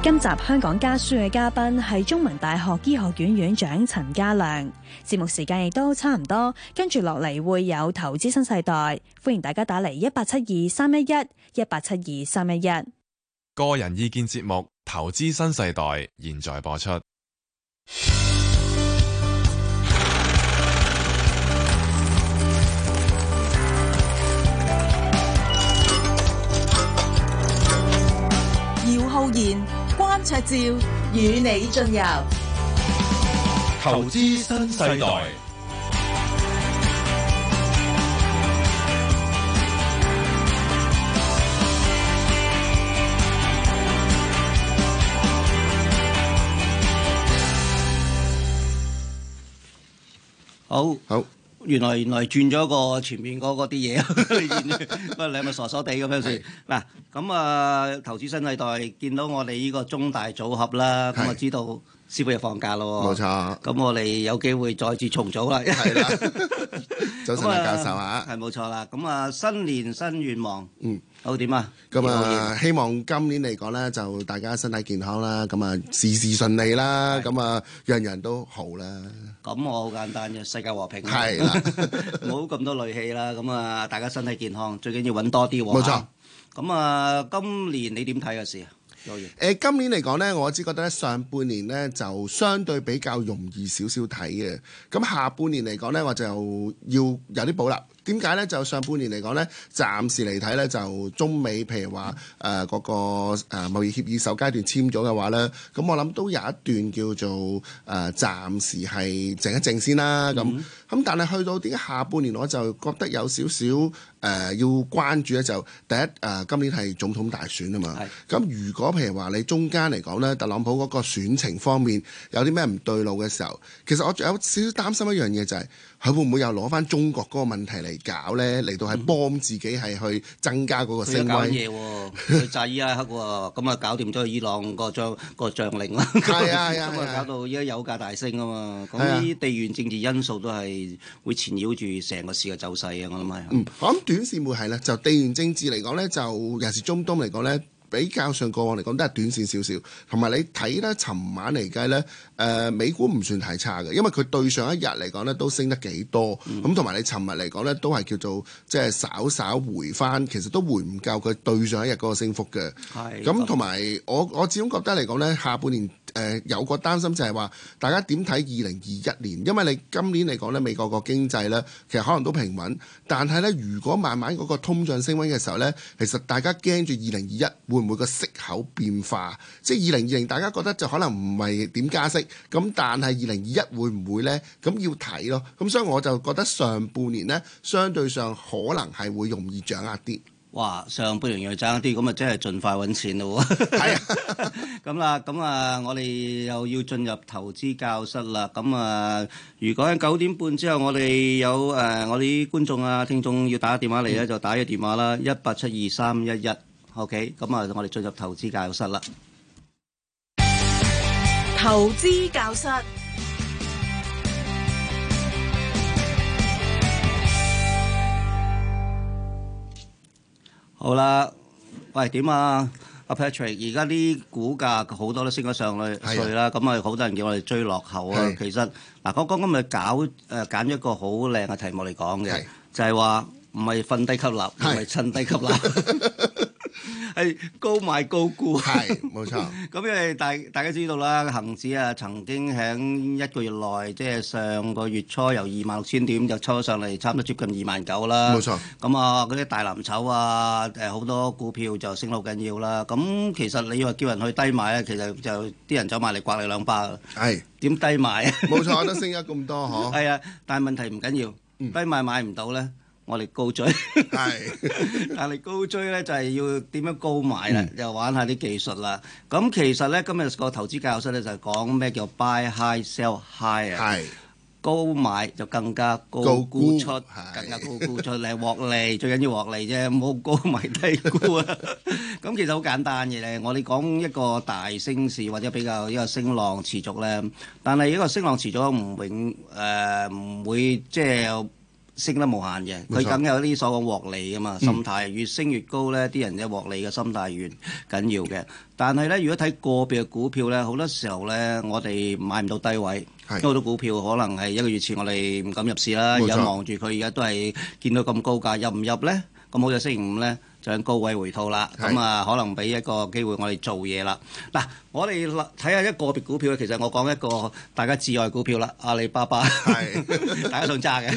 今集香港家書嘅嘉賓係中文大學醫學院院長陳嘉良。節目時間亦都差唔多，跟住落嚟會有投資新世代，歡迎大家打嚟一八七二三一一一八七二三一一。個人意見節目《投資新世代》現在播出。姚浩然。焯照，與你進入。投資新世代。好，好。原來原來轉咗個前面嗰啲嘢，不過你係咪傻傻地咁樣先嗱？咁 是啊，投資新世代見到我哋呢個中大組合啦，咁是、嗯、我知道師傅又放假咯，冇錯。咁我哋有機會再次重組啦，係啦，早晨教授啊，係 冇錯啦。咁啊，新年新願望，嗯。好點啊！咁啊，希望今年嚟講咧，就大家身體健康啦，咁啊，事事順利啦，咁啊，樣樣都好啦。咁我好簡單嘅，世界和平。係啦，冇咁多戾氣啦，咁啊，大家身體健康，最緊要揾多啲。冇錯。咁啊，今年你點睇嘅事啊？當然。誒，今年嚟講咧，我只覺得咧，上半年咧就相對比較容易少少睇嘅。咁下半年嚟講咧，我就要有啲保啦。點解呢？就上半年嚟講呢，暫時嚟睇呢，就中美譬如話誒嗰個誒貿易協議首階段簽咗嘅話呢，咁我諗都有一段叫做誒暫、呃、時係靜一靜先啦。咁咁、嗯，但係去到點解下半年我就覺得有少少誒要關注咧？就第一誒、呃，今年係總統大選啊嘛。咁是如果譬如話你中間嚟講呢，特朗普嗰個選情方面有啲咩唔對路嘅時候，其實我仲有少少擔心一樣嘢就係、是。佢會唔會又攞翻中國嗰個問題嚟搞咧？嚟到係幫自己係去增加嗰個聲威。嘢喎、啊，炸伊拉克喎，咁啊 搞掂咗伊朗將、嗰個將個將領啦、啊。係係係，咁啊，啊，啊搞到而家油價大升啊嘛！咁啲地緣政治因素都係會纏繞住成個市嘅走勢啊。我諗係。嗯、啊，咁短線會係咧，就地緣政治嚟講咧，就尤其是中東嚟講咧。比較上過往嚟講都係短線少少，同埋你睇咧，尋晚嚟計咧，誒、呃、美股唔算太差嘅，因為佢對上一日嚟講咧都升得幾多，咁同埋你尋日嚟講咧都係叫做即係、就是、稍稍回返，其實都回唔夠佢對上一日嗰個升幅嘅，係、咁同埋我我始終覺得嚟講咧下半年。誒、呃、有個擔心就係話，大家點睇二零二一年？因為你今年嚟講咧，美國個經濟呢，其實可能都平穩。但係呢，如果慢慢嗰個通脹升溫嘅時候呢，其實大家驚住二零二一會唔會個息口變化。即係二零二零，大家覺得就可能唔係點加息。咁但係二零二一會唔會呢？咁要睇咯。咁所以我就覺得上半年呢，相對上可能係會容易掌握啲。哇！上半年要爭啲，咁啊真係盡快揾錢咯喎！係咁啦，咁啊，我哋又要進入投資教室啦。咁啊，如果喺九點半之後，我哋有誒、呃、我啲觀眾啊、聽眾要打電話嚟咧，嗯、就打依個電話啦，一八七二三一一。OK，咁啊，我哋進入投資教室啦。投資教室。好啦，喂點啊？阿 Patrick，而家啲股價好多都升咗上去，去啦，咁啊好多人叫我哋追落後啊。是的 其實嗱，我、啊、剛剛咪搞誒揀、呃、一個好靚嘅題目嚟講嘅，是的 就係話唔係瞓低吸納，唔係趁低吸納。係高買高估。係冇錯。咁因為大大家知道啦，恆指啊曾經喺一個月內，即係上個月初由二萬六千點就抽上嚟，差唔多接近二萬九啦。冇錯。咁啊，嗰啲大藍籌啊，誒好多股票就升得好緊要啦。咁其實你話叫人去低買啊，其實就啲人走埋嚟刮你兩巴。係點低買？冇錯都升咗咁多，嗬。係啊，但係問題唔緊要，低買買唔到咧。我哋高追，係，但係高追咧就係要點樣高買啦，又玩下啲技術啦。咁其實咧今日個投資教室咧就係講咩叫 buy high sell high 啊，高買就更加高估出，更加高估出嚟獲利，最緊要獲利啫，唔好高買低估啊。咁其實好簡單嘅，我哋講一個大升市或者比較一個升浪持續咧，但係一個升浪持續唔永誒唔會即係。升得無限嘅，佢梗錯有呢啲所謂獲利啊嘛，心態越升越高咧，啲、嗯、人嘅獲利嘅心態越緊要嘅。但係咧，如果睇個別嘅股票咧，好多時候咧，我哋買唔到低位，因為好多股票可能係一個月前我哋唔敢入市啦，而家望住佢而家都係見到咁高價，入唔入咧？咁好就星期五咧。上高位回吐啦，咁啊是可能俾一個機會我哋做嘢啦。嗱，我哋睇下一個別股票，其實我講一個大家摯愛股票啦，阿里巴巴係 大家想揸嘅。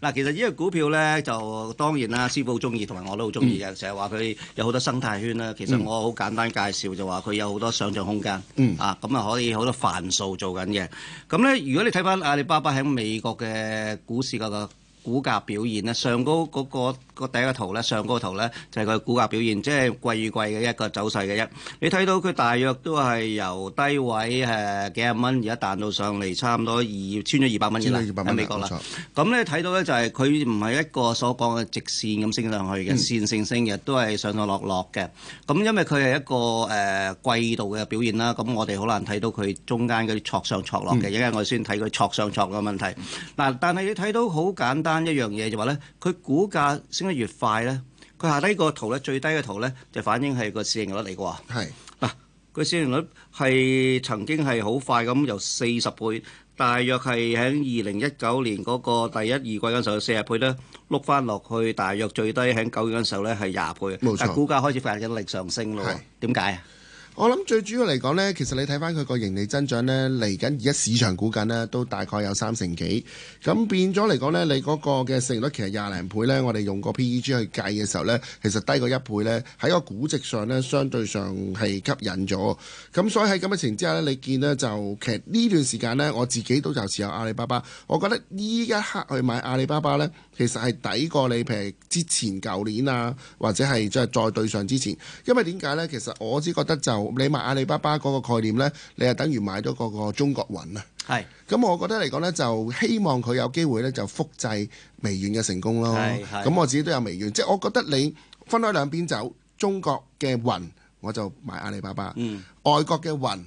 嗱，其實呢個股票咧就當然啦，師傅好中意，同埋我都好中意嘅。成日話佢有好多生態圈啦，其實我好簡單介紹就話佢有好多想像空間。嗯，啊咁啊可以好多泛數做緊嘅。咁咧，如果你睇翻阿里巴巴喺美國嘅股市嗰個。股價表現咧，上高嗰個第一個圖咧，上高圖咧就係、是、佢股價表現，即係季與季嘅一個走勢嘅一。你睇到佢大約都係由低位誒、呃、幾十蚊而家彈到上嚟，差唔多二穿咗二百蚊嘅啦喺美國啦。咁咧睇到咧就係佢唔係一個所講嘅直線咁升上去嘅，嗯、線性升嘅都係上上落落嘅。咁因為佢係一個誒季、呃、度嘅表現啦，咁我哋好難睇到佢中間嗰啲挫上挫落嘅，因為、嗯、我先睇佢挫上挫嘅問題。嗱，但係你睇到好簡單。單一樣嘢就話呢，佢股價升得越快呢，佢下低個圖呢，最低嘅圖呢，就反映係個市盈率嚟嘅喎。嗱是，個市盈率係曾經係好快咁由四十倍，大約係喺二零一九年嗰個第一二季嗰陣時有四十倍呢，碌翻落去大約最低喺九月嗰陣時呢係廿倍，錯但係股價開始發緊力上升咯。係點解？我諗最主要嚟講呢，其實你睇翻佢個盈利增長呢，嚟緊而家市場估緊呢，都大概有三成幾。咁變咗嚟講呢，你嗰個嘅市盈率其實廿零倍呢。我哋用個 PEG 去計嘅時候呢，其實低過一倍呢，喺個估值上呢，相對上係吸引咗。咁所以喺咁嘅情之下呢，你見呢，就其實呢段時間呢，我自己都就持有阿里巴巴。我覺得呢一刻去買阿里巴巴呢，其實係抵過你譬如之前舊年啊，或者係即係再對上之前。因為點解呢？其實我只覺得就你買阿里巴巴嗰個概念呢，你係等於買咗嗰個中國雲啦。係是，咁我覺得嚟講呢，就希望佢有機會呢，就複製微軟嘅成功咯。咁我自己都有微軟，即係我覺得你分開兩邊走，中國嘅雲我就買阿里巴巴，嗯、外國嘅雲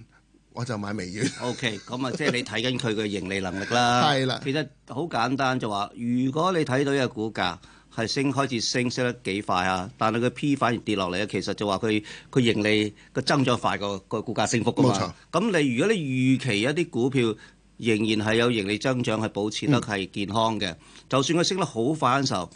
我就買微軟。OK, 咁啊，即係你睇緊佢嘅盈利能力啦。係啦 的，其實好簡單就話，如果你睇到一個股價。係升開始升，升得幾快啊！但係佢 P 反而跌落嚟啊！其實就話佢佢盈利個增長快過個股價升幅㗎嘛。咁錯你如果你預期一啲股票仍然係有盈利增長，係保持得係健康嘅，嗯、就算佢升得好快嗰時候，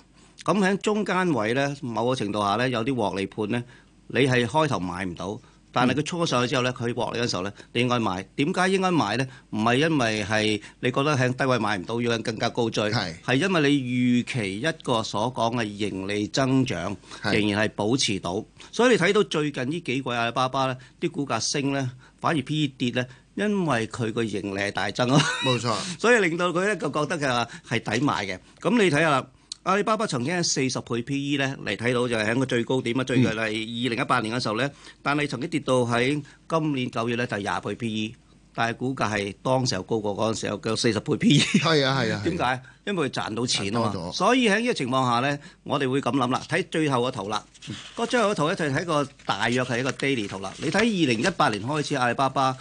咁喺中間位呢，某個程度下呢，有啲獲利盤呢，你係開頭買唔到。但係佢衝咗上去之後咧，佢獲利嗰陣時候咧，你應該買。點解應該買咧？唔係因為係你覺得喺低位買唔到，要更加高追。係，係因為你預期一個所講嘅盈利增長仍然係保持到。所以你睇到最近呢幾季阿里巴巴咧，啲股價升咧，反而 P 跌咧，因為佢個盈利係大增咯。冇錯。所以令到佢咧個覺得嘅話係抵買嘅。咁你睇下。阿里巴巴曾經喺四十倍 PE 咧嚟睇到就係喺個最高點啊，最近係二零一八年嘅時候咧，但係曾經跌到喺今年九月咧就係、是、廿倍 PE，但係估計係當時候高過嗰陣時候嘅四十倍 PE。係啊係啊。點解、啊啊？因為佢賺到錢啊嘛。了所以喺呢個情況下咧，我哋會咁諗啦，睇最後個圖啦。個最後個圖咧就係一個大約係一個 daily 圖啦。你睇二零一八年開始阿里巴巴。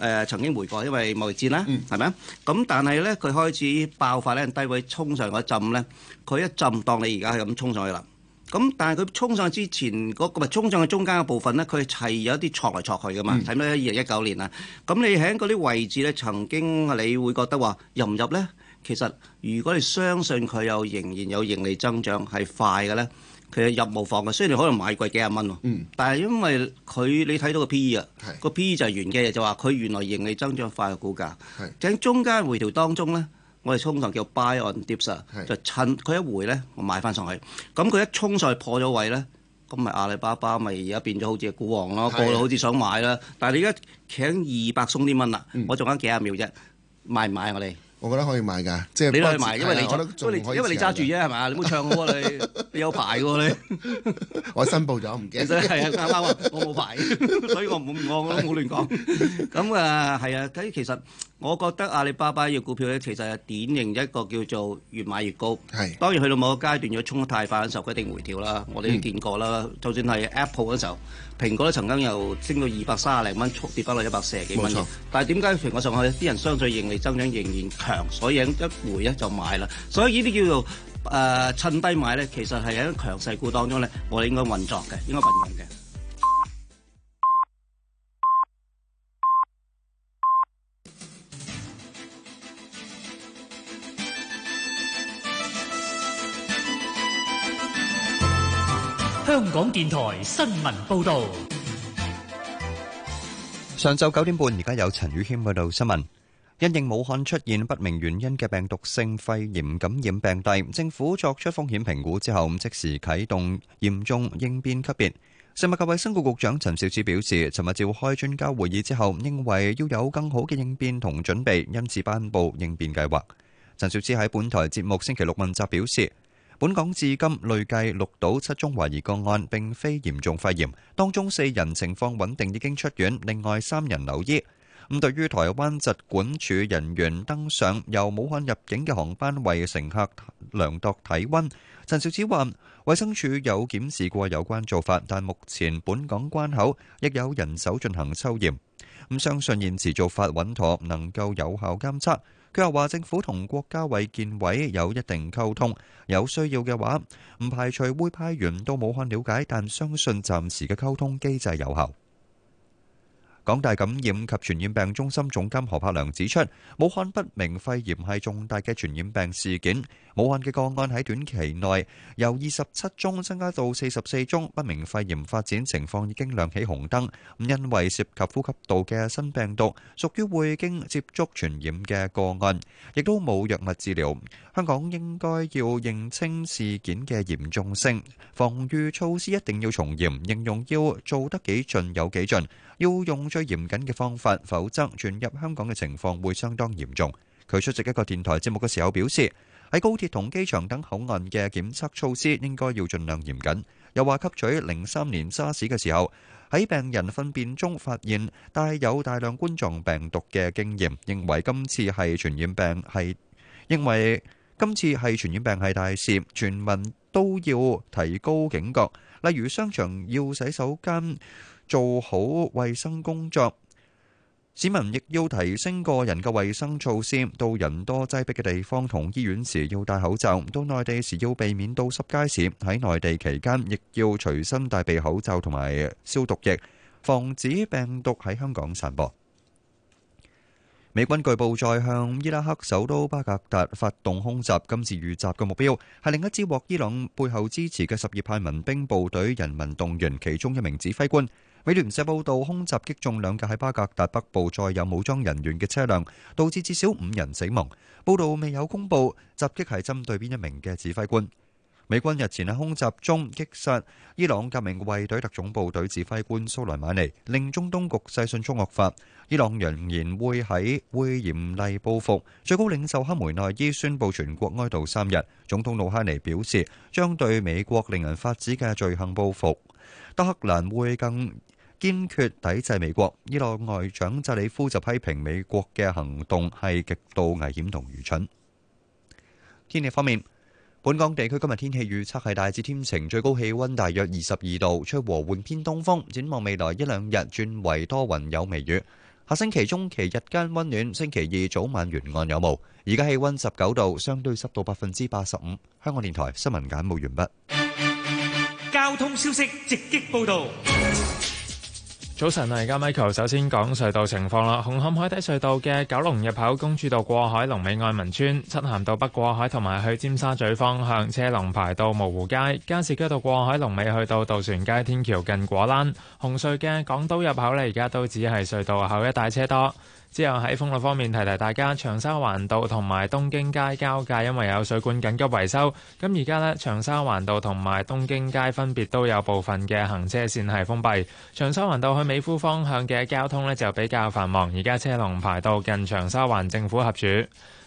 誒，曾經回過，因為貿易戰啦，係咪啊？咁但係咧，佢開始爆發咧，低位衝上嗰陣咧，佢一浸當你而家係咁衝上去啦。咁但係佢衝上之前嗰個衝上去嘅中間嘅部分咧，佢係有啲戳來戳去噶嘛。睇到二零一九年啦，咁你喺嗰啲位置咧，曾經你會覺得話入唔入咧？其實如果你相信佢又仍然有盈利增長係快嘅咧，其實入無妨嘅，雖然你可能買貴幾廿蚊喎，嗯、但係因為佢你睇到個 P/E 啊是，個 P/E 就係原嘅，就話佢原來盈利增長快嘅股價，喺是中間回調當中咧，我哋通常叫 buy on dips 啊是，就趁佢一回咧，我買翻上去，咁佢一衝上去破咗位咧，咁咪阿里巴巴咪而家變咗好似股王咯，啊、個個好似想買啦，啊、但係你、嗯、而家企二百鬆啲蚊啦，我仲有幾廿秒啫，買唔買我哋？我覺得可以買㗎，即係你都可以買，因為你試試因為你揸住啫係咪？你冇唱喎、啊、 你，你有牌嘅喎、啊、你。 我申報咗，唔記得。係係係啱啱，我冇牌，所以我唔冇我我都冇亂講。咁啊係啊，咁其實我覺得阿里巴巴嘅股票咧，其實係典型一個叫做越買越高。係的。當然去到某個階段，要衝得太快嘅時候，佢一定回調啦。我哋都見過啦。嗯、就算係 Apple 嗰時候。蘋果曾經由升到二百三十零蚊，速跌翻落一百四十幾蚊嘅。冇錯。但係點解蘋果上去，啲人相對盈利增長仍然強，所以一回就買啦。所以呢啲叫做誒、呃、趁低買，其實係喺強勢股當中咧，我哋應該運作嘅，應該運用嘅。香港電台新聞報道，上晝九點半，而家有陳宇謙報道新聞。因應武漢出現不明原因嘅病毒性肺炎感染病例，政府作出風險評估之後，即時啟動嚴重應變級別。食物及衛生局局長陳肇始表示，尋日召開專家會議之後，認為要有更好嘅應變同準備，因此頒布應變計劃。陳肇始喺本台節目星期六問責表示。本港至今累計六到七宗懷疑個案，並非嚴重肺炎。當中四人情況穩定，已經出院；另外三人留醫。咁、嗯、對於台灣疾管署人員登上由武漢入境嘅航班，為乘客量度體温，陳肇始話衛生署有檢視過有關做法，但目前本港關口亦有人手進行抽驗，咁、嗯、相信現時做法穩妥，能夠有效監測。佢又話：政府同國家衛健委有一定溝通，有需要嘅話，唔排除會派員到武漢瞭解，但相信暫時嘅溝通機制有效。港大感染及傳染病中心總監何柏良指出，武漢不明肺炎係重大嘅傳染病事件。武漢嘅個案喺短期內由二十七宗增加到四十四宗，不明肺炎發展情況已經亮起紅燈。咁，因為涉及呼吸道嘅新病毒，屬於會經接觸傳染嘅個案，亦都冇藥物治療。香港應該要認清事件嘅嚴重性，防禦措施一定要從嚴，形容要做得幾盡有幾盡，要用最嚴謹嘅方法，否則傳入香港嘅情況會相當嚴重。佢出席一個電台節目嘅時候表示。喺高鐵同機場等口岸嘅檢測措施應該要盡量嚴謹。又話吸取零三年沙士嘅時候，喺病人糞便中發現帶有大量冠狀病毒嘅經驗，認為今次係傳染病，係，認為今次係傳染病係大事，全民都要提高警覺。例如商場要洗手間做好衛生工作。市民亦要提升個人嘅衞生措施，到人多擠迫嘅地方同醫院時要戴口罩，到內地時要避免到濕街市。喺內地期間，亦要隨身帶備口罩同埋消毒液，防止病毒喺香港散播。美軍據報再向伊拉克首都巴格達發動空襲，今次遇襲嘅目標係另一支獲伊朗背後支持嘅什葉派民兵部隊人民動員其中一名指揮官。美聯社報道，空襲擊中兩架喺巴格達北部載有武裝人員嘅車輛，導致至少五人死亡。報道未有公布襲擊係針對邊一名嘅指揮官。美軍日前喺空襲中擊殺伊朗革命衛隊特種部隊指揮官蘇萊馬尼，令中東局勢迅速惡化。伊朗仍然會喺會嚴厲報復。最高領袖哈梅內伊宣布全國哀悼三日。總統魯哈尼表示，將對美國令人髮指嘅罪行報復。德黑蘭會更堅決抵制美國。伊朗外長扎里夫就批評美國嘅行動係極度危險同愚蠢。天氣方面，本港地區今日天氣預測係大致天晴，最高氣溫大約二十二度，吹和緩偏東風。展望未來一兩日轉為多雲有微雨。下星期中期日間溫暖，星期二早晚沿岸有霧。而家氣溫十九度，相對濕度百分之八十五。香港電台新聞簡報完畢。交通消息直擊報道。早晨，我而家 Michael，首先講隧道情況啦。紅磡海底隧道嘅九龍入口公主道過海，龍尾愛民村；漆咸道北過海同埋去尖沙咀方向，車龍排到蕪湖街；加士居道過海龍尾去到渡船街天橋近果欄。紅隧嘅港島入口咧，而家都只係隧道口，一帶車多。之後喺封路方面提提大家，長沙環道同埋東京街交界，因為有水管緊急維修，咁而家呢，長沙環道同埋東京街分別都有部分嘅行車線係封閉。長沙環道去美孚方向嘅交通呢就比較繁忙，而家車龍排到近長沙環政府合署。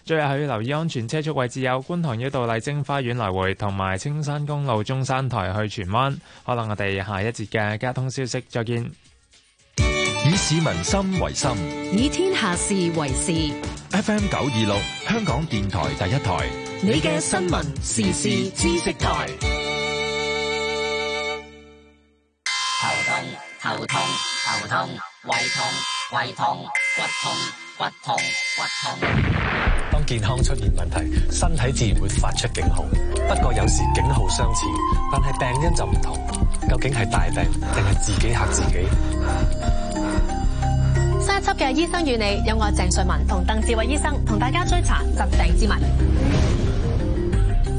最後要留意安全車速位置有觀塘繞道麗晶花園來回同埋青山公路中山台去荃灣。可能我哋下一節嘅交通消息，再見。以市民心為心，以天下事為事。FM 九二六，香港電台第一台。你嘅新聞時事知識台。頭痛頭痛頭痛，胃痛胃痛骨痛骨痛骨痛。痛痛痛，當健康出現問題，身體自然會發出警號。不過有時警號相似，但係病因就唔同。究竟係大病定係自己嚇自己？嘅，醫生與你，有我鄭瑞文同鄧志偉醫生同大家追查疾病之謎。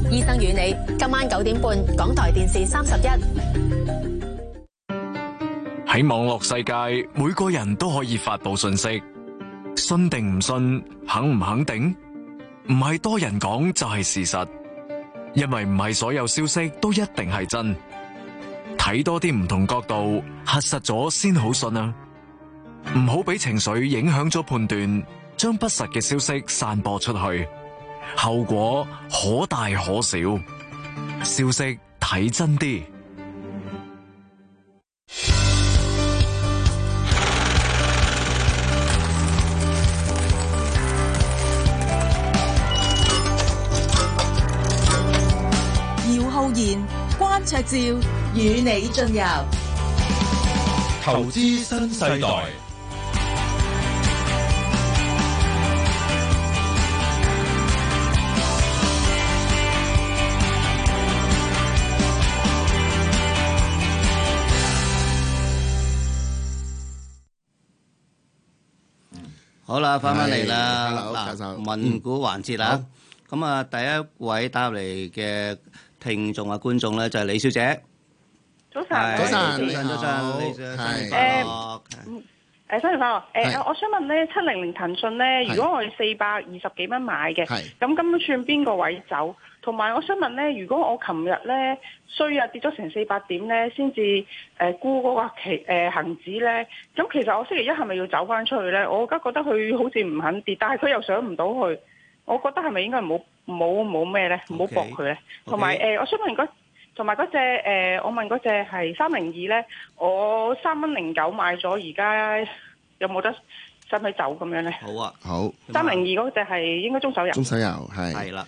醫生與你，今晚九點半，港台電視三十一。喺網絡世界，每個人都可以發佈信息，信定唔信？肯唔肯定？唔係多人講就係事實，因為唔係所有消息都一定係真。睇多啲唔同角度，核實咗先好信啊！唔好俾情緒影響咗判斷，將不實嘅消息散播出去，後果可大可小。消息睇真啲。姚浩然、關焯照與你進入投資新世代。好啦，翻翻嚟啦，嗱，問股環節啦。咁啊、嗯，第一位答嚟嘅聽眾啊，觀眾咧就係李小姐。早晨，早晨，早晨，早晨，早晨的。誒好，誒，新餘發，誒、uh, 呃呃，我想問咧，七零零騰訊咧，如果我係四百二十幾蚊買嘅，咁根本算邊個位走？同埋我想問咧，如果我琴日咧衰啊跌咗成四百點咧，先至誒沽嗰個期誒恆指咧，咁其實我星期一係咪要走翻出去咧？我而家覺得佢好似唔肯跌，但係佢又上唔到去，我覺得係咪應該冇冇冇咩咧？唔好搏佢咧。同埋誒，我想問嗰同埋嗰隻誒，我問嗰隻係三零二咧，我三蚊零九買咗，而家有冇得使佢走咁樣咧？好啊，好三零二嗰隻係應該中手遊。中手遊係係啦。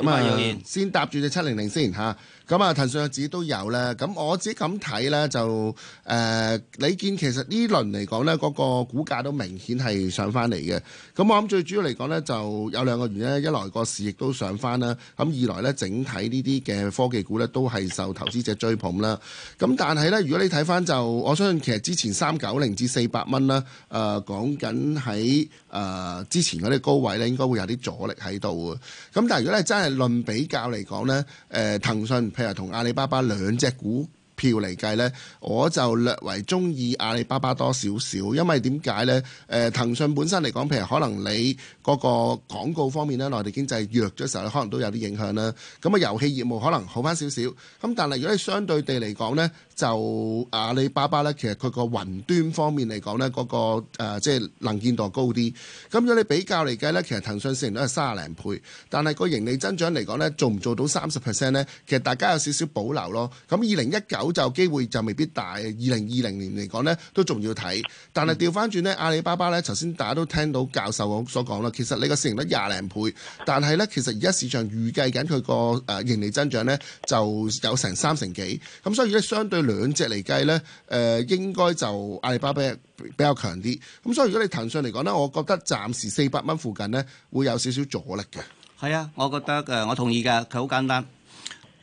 咁啊，嗯、 先搭住隻七零零先吓。咁啊，騰訊自己都有啦。咁我自己咁睇呢，就誒、呃，你見其實呢輪嚟講呢，嗰個股價都明顯係上翻嚟嘅。咁我諗最主要嚟講呢，就有兩個原因。一來個市亦都上翻啦，咁二來呢，整體呢啲嘅科技股呢，都係受投資者追捧啦。咁但係呢，如果你睇翻就，我相信其實之前三九零至四百蚊啦，誒、呃，講緊喺誒之前嗰啲高位呢，應該會有啲阻力喺度嘅。咁但係如果你真係論比較嚟講呢，誒、呃，騰訊譬如同阿里巴巴兩隻股票嚟計呢，我就略為中意阿里巴巴多少少，因為點解呢？誒、呃，騰訊本身嚟講，譬如可能你。嗰個廣告方面咧，內地經濟弱咗時候咧，可能都有啲影響啦。咁啊，遊戲業務可能好翻少少。咁但係如果你相對地嚟講呢就阿里巴巴呢，其實佢個雲端方面嚟講呢嗰、嗰個、呃、即係能見度高啲。咁如果你比較嚟計呢，其實騰訊雖然都係三十零倍，但係個盈利增長嚟講呢做唔做到三十 percent 咧，其實大家有少少保留咯。咁二零一九就機會就未必大。二零二零年嚟講呢都仲要睇。但係調翻轉呢，阿里巴巴呢，頭先大家都聽到教授所講啦。其實你個市盈率廿零倍，但係呢，其實而家市場預計緊佢個誒盈利增長呢就有成三成幾，咁、嗯、所以咧相對兩隻嚟計呢，誒、呃、應該就阿里巴巴比較強啲，咁、嗯、所以如果你騰訊嚟講呢，我覺得暫時四百蚊附近呢會有少少阻力嘅。係啊，我覺得誒，我同意嘅，佢好簡單。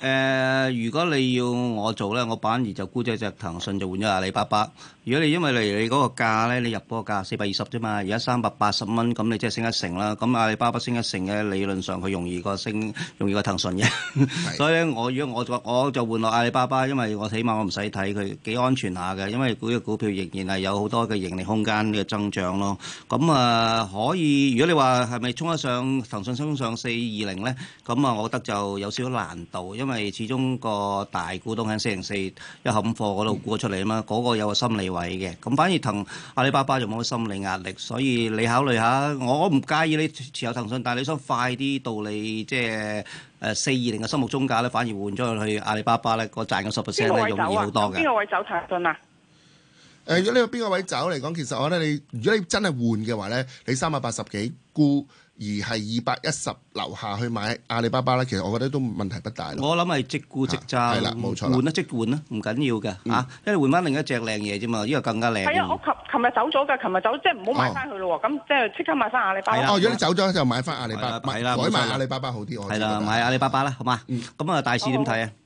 誒，如果你要我做咧，我反而就估咗隻騰訊就換咗阿里巴巴。如果你因為例如你嗰個價咧，你入嗰個價四百二十啫嘛，而家三百八十蚊，咁你即係升一成啦。咁啊，阿里巴巴升一成嘅，理論上佢容易過升，容易過騰訊嘅。所以咧，我如果我就我就換落阿里巴巴，因為我起碼我唔使睇佢幾安全下嘅，因為嗰啲股票仍然係有好多嘅盈利空間嘅增長咯。咁啊，可以。如果你話係咪衝一上騰訊衝上四二零咧，咁啊，我覺得就有少少難度，因為因為始終個大股東喺四零四一冚貨嗰度沽咗出嚟啊嘛，嗰、嗯、個有個心理位嘅，咁反而騰阿里巴巴就冇乜心理壓力，所以你考慮下，我唔介意你持有騰訊，但係你想快啲到你即係誒四二零嘅心目中價咧，反而換咗去阿里巴巴咧，個賺嘅十 percent 係容易好多嘅。邊個位走？邊個位走騰訊啊？誒、呃，如果你呢個邊個位走嚟講，其實我覺得你，如果你真係換嘅話咧，你三百八十幾沽。而係二百一十樓下去買阿里巴巴咧，其實我覺得都問題不大咯。我諗係即沽即揸，啊、啦換啦即換啦，唔緊要嘅嚇，因為換翻另一隻靚嘢啫嘛，呢個更加靚。係啊，我琴琴日走咗嘅，琴日走即係唔好買翻去咯，咁、哦、即係即刻買翻阿里巴巴。的哦，如果你走咗就買翻阿里巴巴，買啦買買阿里巴巴好啲，的我係啦買阿里巴巴啦，好嘛？咁啊、嗯、大市點睇啊？哦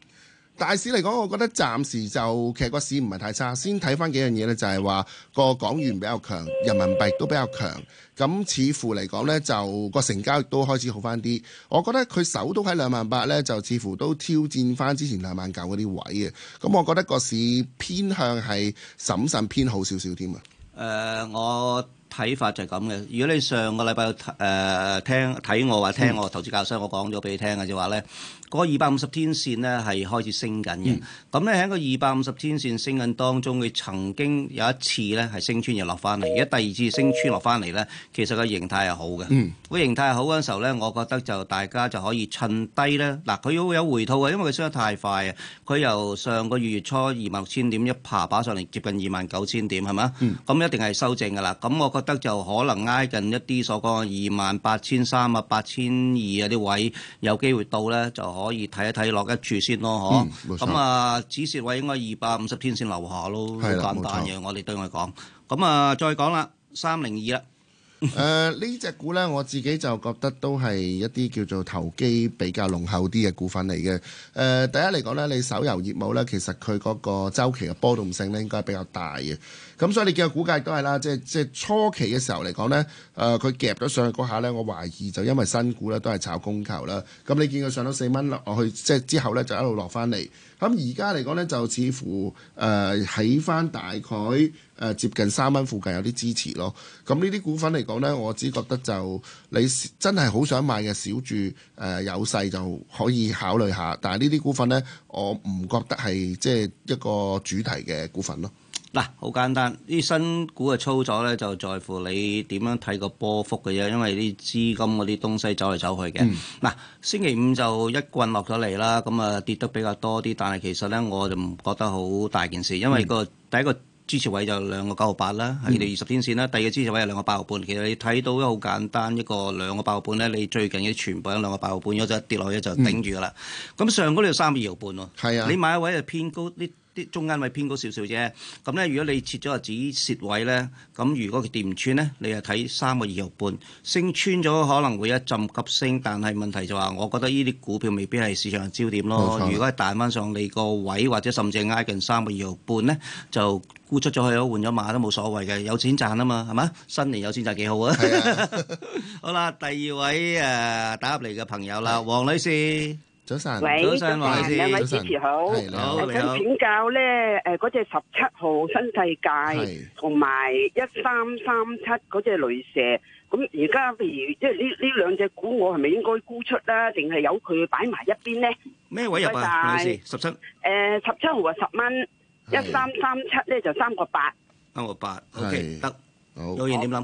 大市嚟講，我覺得暫時就其實個市唔係太差。先睇翻幾樣嘢咧，就係話個港元比較強，人民幣都比較強。咁似乎嚟講咧，就個成交都開始好翻啲。我覺得佢首都喺兩萬八咧，就似乎都挑戰翻之前兩萬九嗰啲位嘅。咁我覺得個市偏向係審慎偏好少少添啊。誒、呃，我睇法就係咁嘅。如果你上個禮拜誒、呃、聽睇我話聽我、嗯、投資教室，我講咗俾你聽嘅就話咧。個二百五十天線咧係開始升緊嘅，咁咧喺個二百五十天線升緊當中，佢曾經有一次咧係升穿又落翻嚟，而家第二次升穿落翻嚟咧，其實個形態係好嘅。個、嗯、形態係好嗰陣時候咧，我覺得就大家就可以趁低咧。嗱，佢會有回吐嘅，因為佢升得太快啊。佢由上個月月初二萬六千點一爬把上嚟接近二萬九千點係咪？咁、嗯、一定係修正㗎啦。咁我覺得就可能挨近一啲所講嘅二萬八千三啊、八千二啊啲位有機會到咧就。可以睇一睇落一處先咯，嗬。咁啊，止蝕位應該二百五十天先留下咯，的好簡單嘅。錯我哋對佢講。咁啊，再講啦，三零二啦。誒呢、呃、隻股呢，我自己就覺得都係一啲叫做投機比較濃厚啲嘅股份嚟嘅。誒、呃、第一嚟講呢，你手遊業務呢，其實佢嗰個週期嘅波動性呢，應該係比較大嘅。咁、嗯、所以你見個估價亦都係啦，即係即係初期嘅時候嚟講呢，誒佢夾咗上去嗰下呢，我懷疑就因為新股呢都係炒供求啦。咁、嗯、你見佢上咗四蚊落去，即係之後呢就一路落翻嚟。咁而家嚟講呢，就似乎誒起翻大概。誒接近三蚊附近有啲支持咯，咁呢啲股份嚟講呢，我只覺得就你真係好想買嘅小住誒有勢就可以考慮下，但係呢啲股份呢，我唔覺得係即係一個主題嘅股份咯。嗱，好簡單，啲新股嘅操作呢，就在乎你點樣睇個波幅嘅啫，因為啲資金嗰啲東西走嚟走去嘅。嗱、嗯，星期五就一棍落咗嚟啦，咁啊跌得比較多啲，但係其實呢，我就唔覺得好大件事，因為、這個第一個。支持位就兩個九毫八啦，係佢哋二十天線啦。第二個支持位有兩個八毫半，其實你睇到都好簡單。一個兩個八毫半咧，你最近全部有兩個八毫半，咁就跌落去就頂住噶啦。咁、嗯、上嗰度三個二毫半喎，你買位就偏高啲。啲中間位偏高少少啫，咁咧如果你切咗個止蝕位咧，咁如果佢掂唔穿咧，你就睇三個二毫半。升穿咗可能會一浸急升，但係問題就話，我覺得呢啲股票未必係市場焦點咯。如果彈翻上你個位，或者甚至係挨近三個二毫半咧，就沽出咗去換都換咗馬都冇所謂嘅，有錢賺啊嘛，係嘛？新年有錢賺幾好是啊！ 好啦，第二位誒打入嚟嘅朋友啦，是王女士。早晨，早晨，兩位主持人好，我想請教咧，誒，嗰隻十七號新世界，同埋一三三七嗰隻雷蛇，咁而家譬如即係呢呢兩隻股，我係咪應該沽出啦，定係由佢擺埋一邊咧？咩位入啊？唔好意思，十七，誒，十七號十蚊，一三三七咧就三個八，三個八，OK，得。好，老點諗？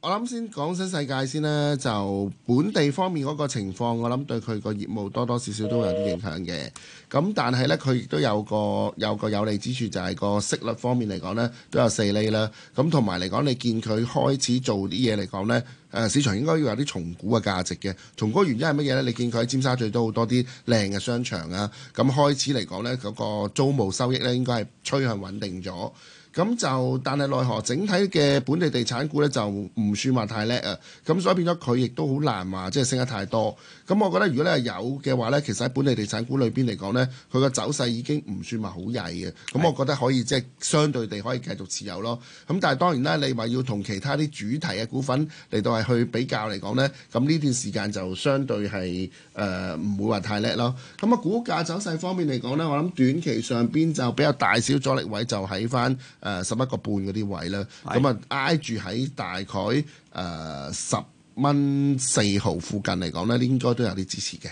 我諗、呃、先講新世界先啦。就本地方面嗰個情況，我諗對佢個業務多多少少都有啲影響嘅。咁、嗯、但係呢，佢亦都有個有個有利之處，就係、是、個息率方面嚟講呢，都有四厘啦。咁同埋嚟講，你見佢開始做啲嘢嚟講呢，誒、啊、市場應該要有啲重估嘅價值嘅。重估原因係乜嘢呢？你見佢喺尖沙咀都好多啲靚嘅商場啊。咁開始嚟講呢，嗰個租務收益呢，應該係趨向穩定咗。咁就，但係奈何整體嘅本地地產股咧就唔算話太叻啊，咁所以變咗佢亦都好難話即係升得太多。咁我覺得如果你係有嘅話咧，其實喺本地地產股裏邊嚟講咧，佢個走勢已經唔算話好曳嘅。咁我覺得可以即係、就是、相對地可以繼續持有咯。咁但係當然啦，你話要同其他啲主題嘅股份嚟到係去比較嚟講咧，咁呢段時間就相對係誒唔會話太叻咯。咁啊，股價走勢方面嚟講咧，我諗短期上邊就比較大小阻力位就喺翻。誒、呃、十一個半嗰啲位啦，咁啊挨住喺大概誒、呃、十蚊四毫附近嚟講咧，應該都有啲支持嘅。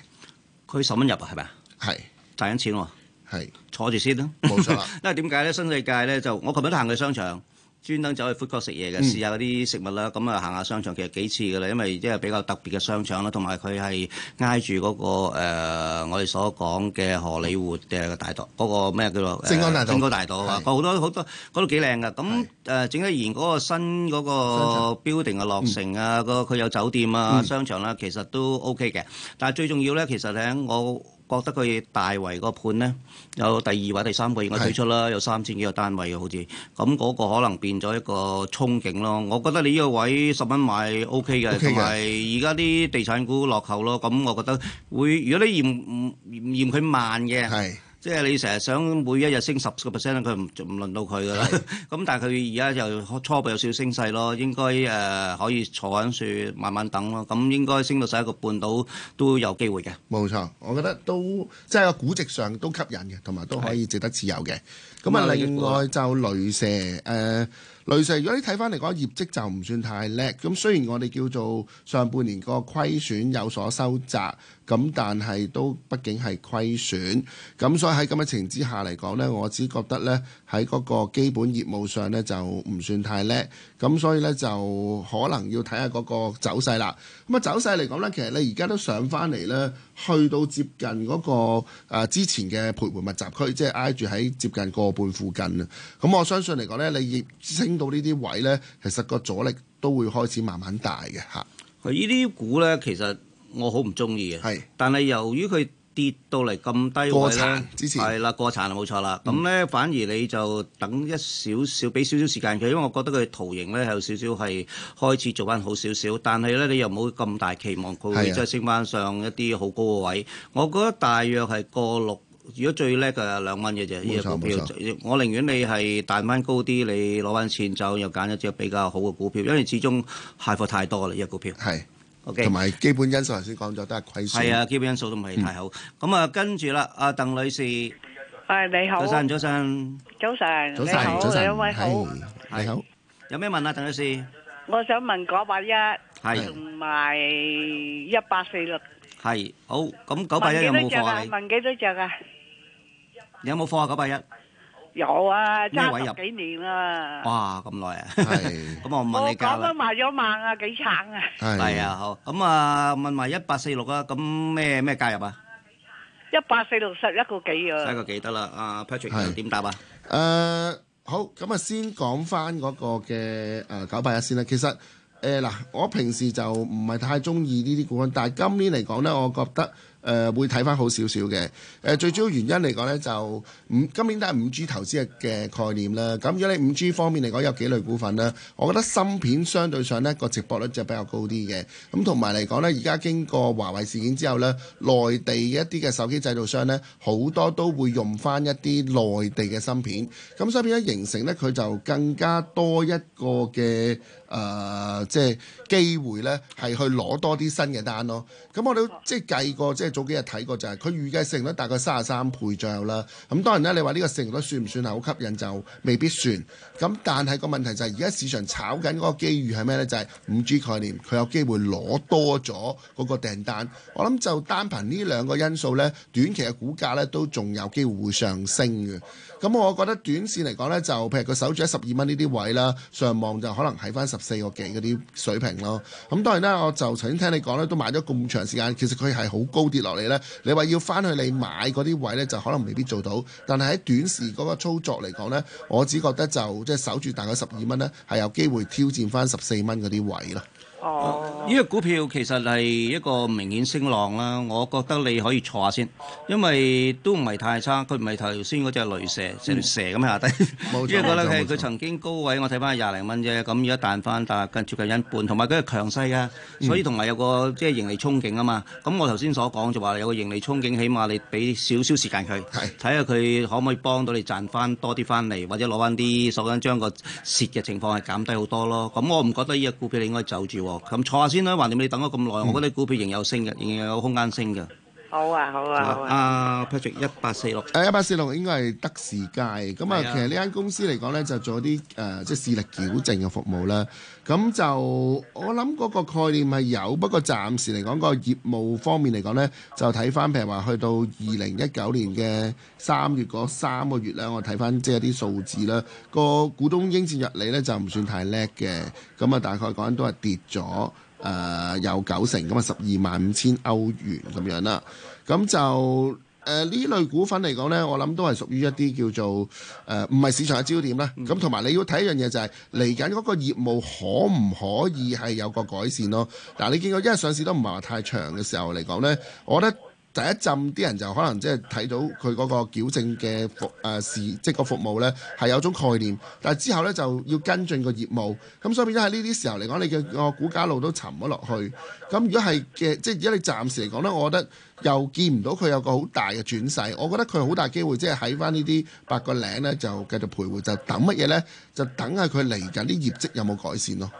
佢十蚊入是啊，係咪啊？係賺緊錢喎。係坐住先啦。冇錯啦。因 為點解咧？新世界咧就我琴日都行去商場。專登走去 food court 食嘢嘅，試下嗰啲食物啦。咁啊，行下商場，其實幾次嘅啦，因為即係比較特別嘅商場啦。同埋佢係挨住嗰、那個、呃、我哋所講嘅荷里活嘅大道嗰、那個咩叫做正安大道、正高大道啊。好是多好多嗰度幾靚噶。咁誒，整一完嗰個新嗰、那個 building 啊，樂城啊，那個佢、那個、有酒店啊、嗯、商場啦，其實都 O K 嘅。但係最重要咧，其實咧，我。覺得佢大圍個盤呢，有第二位、第三個應該推出啦，是有三千幾個單位嘅好似，咁嗰個可能變咗一個憧憬咯。我覺得你呢個位十蚊買 OK 嘅，同埋而家啲地產股落後咯，咁我覺得會。如果你嫌唔嫌佢慢嘅？即係你成日想每一日升十個 percent，佢唔唔輪到佢噶啦。咁但係佢而家就初步有少少升勢咯，應該誒、呃、可以坐穩樹，慢慢等咯。咁應該升到十一個半到都有機會嘅。冇錯，我覺得都即係個估值上都吸引嘅，同埋都可以值得持有嘅。咁啊，另外就雷蛇誒、呃，雷蛇如果你睇翻嚟講業績就唔算太叻。咁雖然我哋叫做上半年個虧損有所收窄。咁但係都畢竟係虧損，咁所以喺咁嘅情形之下嚟講呢，我只覺得呢喺嗰個基本業務上呢就唔算太叻，咁所以呢，就可能要睇下嗰個走勢啦。咁啊走勢嚟講呢，其實你而家都上翻嚟呢，去到接近嗰個、呃、之前嘅徘徊密集區，即係挨住喺接近個半附近啦。咁我相信嚟講呢，你升到呢啲位呢，其實個阻力都會開始慢慢大嘅嚇。呢啲股呢，其實。我好唔中意嘅，是但係由於佢跌到嚟咁低位咧，係啦，過殘就冇錯啦。咁咧、嗯、反而你就等一少少，俾少少時間佢，因為我覺得佢嘅圖形咧有少少係開始做翻好少少。但係咧你又唔好咁大期望佢再升翻上一啲好高嘅位。啊、我覺得大約係過六，如果最叻嘅兩蚊嘅啫。呢隻股票，錯我寧願你係彈翻高啲，你攞翻錢走，又揀一隻比較好嘅股票，因為始終蟹貨太多啦，呢一隻股票。係是。同埋基本因素，頭先講咗都係虧損。係啊，基本因素都唔係太好。咁啊，跟住啦，阿鄧女士，誒你好。早晨，早晨。早晨，早晨。你好，兩位好，你好。有咩問啊，鄧女士？我想問九八一，同埋一八四六。係好，咁九八一有冇貨啊？問幾多隻啊？有冇貨啊？九八一？有啊，差唔多幾年啦。哇，咁耐啊！咁啊，我問你價啦。我講都賣咗萬啊，幾慘啊！係啊，好咁啊，問埋一八四六啊，咁咩咩介入啊？一八四六十一個幾啊？十一個幾得啦，阿 Patrick 又點答啊？誒，好咁啊，先講翻嗰個嘅誒九八一先啦。其實誒嗱，我平時就唔係太中意呢啲股啊，但係今年嚟講咧，我覺得。誒、呃、會睇翻好少少嘅，誒、呃、最主要原因嚟講呢，就五今年都係五 G 投資嘅概念啦。咁、嗯、如果你五 G 方面嚟講有幾類股份呢？我覺得芯片相對上呢個值博率就比較高啲嘅。咁同埋嚟講呢，而家經過華為事件之後呢，內地一啲嘅手機製造商呢，好多都會用翻一啲內地嘅芯片。咁所以變咗形成呢，佢就更加多一個嘅。誒、呃，即係機會呢，係去攞多啲新嘅單咯。咁、嗯、我哋都即係計過，即係早幾日睇過就係、是、佢預計成率大概三十三倍左右啦。咁當然啦，你話呢個成率算唔算係好吸引就未必算。咁、嗯、但係個問題就係而家市場炒緊嗰個機遇係咩呢？就係、是、五 G 概念，佢有機會攞多咗嗰個訂單。我諗就單憑呢兩個因素呢，短期嘅股價呢都仲有機會會上升嘅。咁、嗯、我覺得短線嚟講呢，就譬如佢守住喺十二蚊呢啲位啦，上望就可能喺翻十四個幾嗰啲水平咯。咁、嗯、當然啦，我就頭先聽你講呢，都買咗咁長時間，其實佢係好高跌落嚟呢。你話要翻去你買嗰啲位呢，就可能未必做到。但係喺短時嗰個操作嚟講呢，我只覺得就即係、就是、守住大概十二蚊呢，係有機會挑戰翻十四蚊嗰啲位咯。哦，依個股票其實係一個明顯升浪啦，我覺得你可以坐下先，因為都唔係太差，佢唔係頭先嗰隻雷蛇成條蛇咁下低。冇錯，冇錯。即係覺得佢佢曾經高位，我睇翻係廿零蚊啫，咁而家彈翻但係接近一半，同埋佢係強勢㗎，所以同埋有個即係盈利憧憬啊嘛。咁我頭先所講就話有個盈利憧憬，起碼你俾少少時間佢，睇下佢可唔可以幫到你賺翻多啲翻嚟，或者攞翻啲收緊將個蝕嘅情況係減低好多咯。咁我唔覺得依個股票你應該走住喎。咁、哦、坐下先啦，橫掂你等咗咁耐，嗯、我覺得股票仍有升嘅，仍然有空間升嘅。好啊，好啊，好啊！阿 Patrick 一八四六，誒一八四六應該係德視佳咁 啊。其實呢間公司嚟講咧，就做啲誒、呃、即視力矯正嘅服務啦。咁就我諗嗰個概念係有，不過暫時嚟講，個業務方面嚟講咧，就睇返譬如話去到二零一九年嘅三月嗰三個月咧，我睇返即係啲數字啦。個股東應佔溢利咧就唔算太叻嘅，咁啊大概講都係跌咗。誒、呃、有九成咁啊，十二萬五千歐元咁樣啦，咁就誒呢、呃、類股份嚟講呢，我諗都係屬於一啲叫做誒唔係市場嘅焦點啦。咁同埋你要睇一樣嘢就係嚟緊嗰個業務可唔可以係有個改善咯。嗱、呃，你見過因為上市都唔係話太長嘅時候嚟講呢，我覺得。第一浸啲人就可能即係睇到佢嗰個矯正嘅服誒事、呃，即係個服務呢，係有種概念，但係之後呢，就要跟進個業務。咁所以變咗喺呢啲時候嚟講，你嘅、個股價路都沉咗落去。咁如果係嘅，即係而家你暫時嚟講呢，我覺得又見唔到佢有個好大嘅轉勢。我覺得佢好大機會即係喺返呢啲八個零呢，就繼續徘徊，就等乜嘢呢？就等下佢嚟緊啲業績有冇改善咯。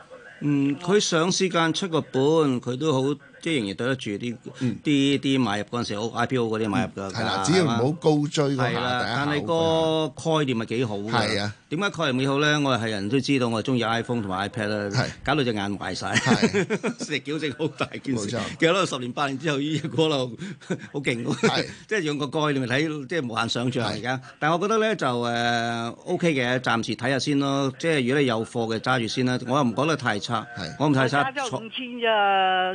嗯，佢上時間出個本，佢都好。即係仍然對得住啲啲啲買入嗰陣時 O I P O 嗰啲買入㗎，係啦，只要唔好高追個下，係啦，但係個概念係幾好㗎？啊，點解概念幾好咧？我係人都知道，我中意 iPhone 同埋 iPad 啦，搞到隻眼壞晒。係成矯正好大件事，其實攞十年八年之後呢，個路好勁，即係用個概念嚟睇，即係無限想象而家。但係我覺得咧就誒 O K 嘅，暫時睇下先咯。即係如果你有貨嘅揸住先啦，我又唔覺得太差，我唔太差。揸咗五千咋。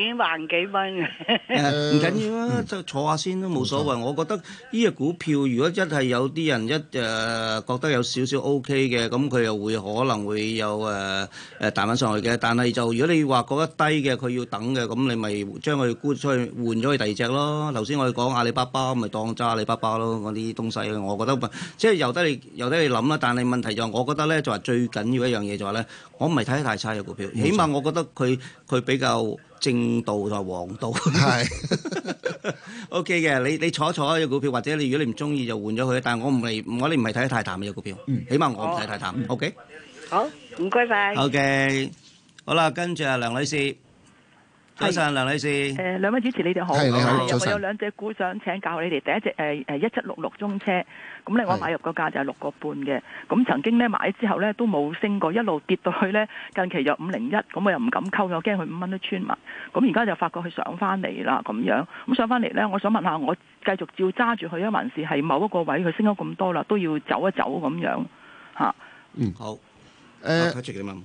幾萬幾蚊、 呃，唔緊要啊，即係、嗯、坐下先都冇所謂。嗯、我覺得呢隻股票，如果一係有啲人一誒、呃、覺得有少少 O K 嘅，咁佢又會可能會有誒誒、呃呃、彈翻上去嘅。但係就如果你話覺得低嘅，佢要等嘅，咁你咪將佢沽出去換咗佢第二隻咯。頭先我哋講阿里巴巴，咪當揸阿里巴巴咯。嗰啲東西，我覺得即係由得你由得你諗啦。但係問題就係、我覺得咧，就話最緊要一樣嘢就係、是、咧，我唔係睇得太大大差嘅股票，起碼我覺得佢佢比較。正道同埋黃道，係 O K 嘅。你你坐一坐呢隻股票，或者你如果你唔中意就換咗佢。但係我唔係我哋唔係睇得太淡嘅股票，嗯，起碼我唔睇太淡。O K，好唔該晒。O K，好啦，跟住啊梁女士，早晨梁女士。誒兩位主持你哋好，你好早晨。我有兩隻股想請教你哋，第一隻誒誒一七六六中車。咁咧，我買入個價就係六個半嘅。咁曾經咧買之後咧都冇升過，一路跌到去咧。近期又五零一，咁我又唔敢溝，我驚佢五蚊都穿埋。咁而家就發覺佢上翻嚟啦，咁樣。咁上翻嚟咧，我想問下，我繼續照揸住佢，還是係某一個位佢升咗咁多啦，都要走一走咁樣？吓，嗯，好、嗯。誒、呃，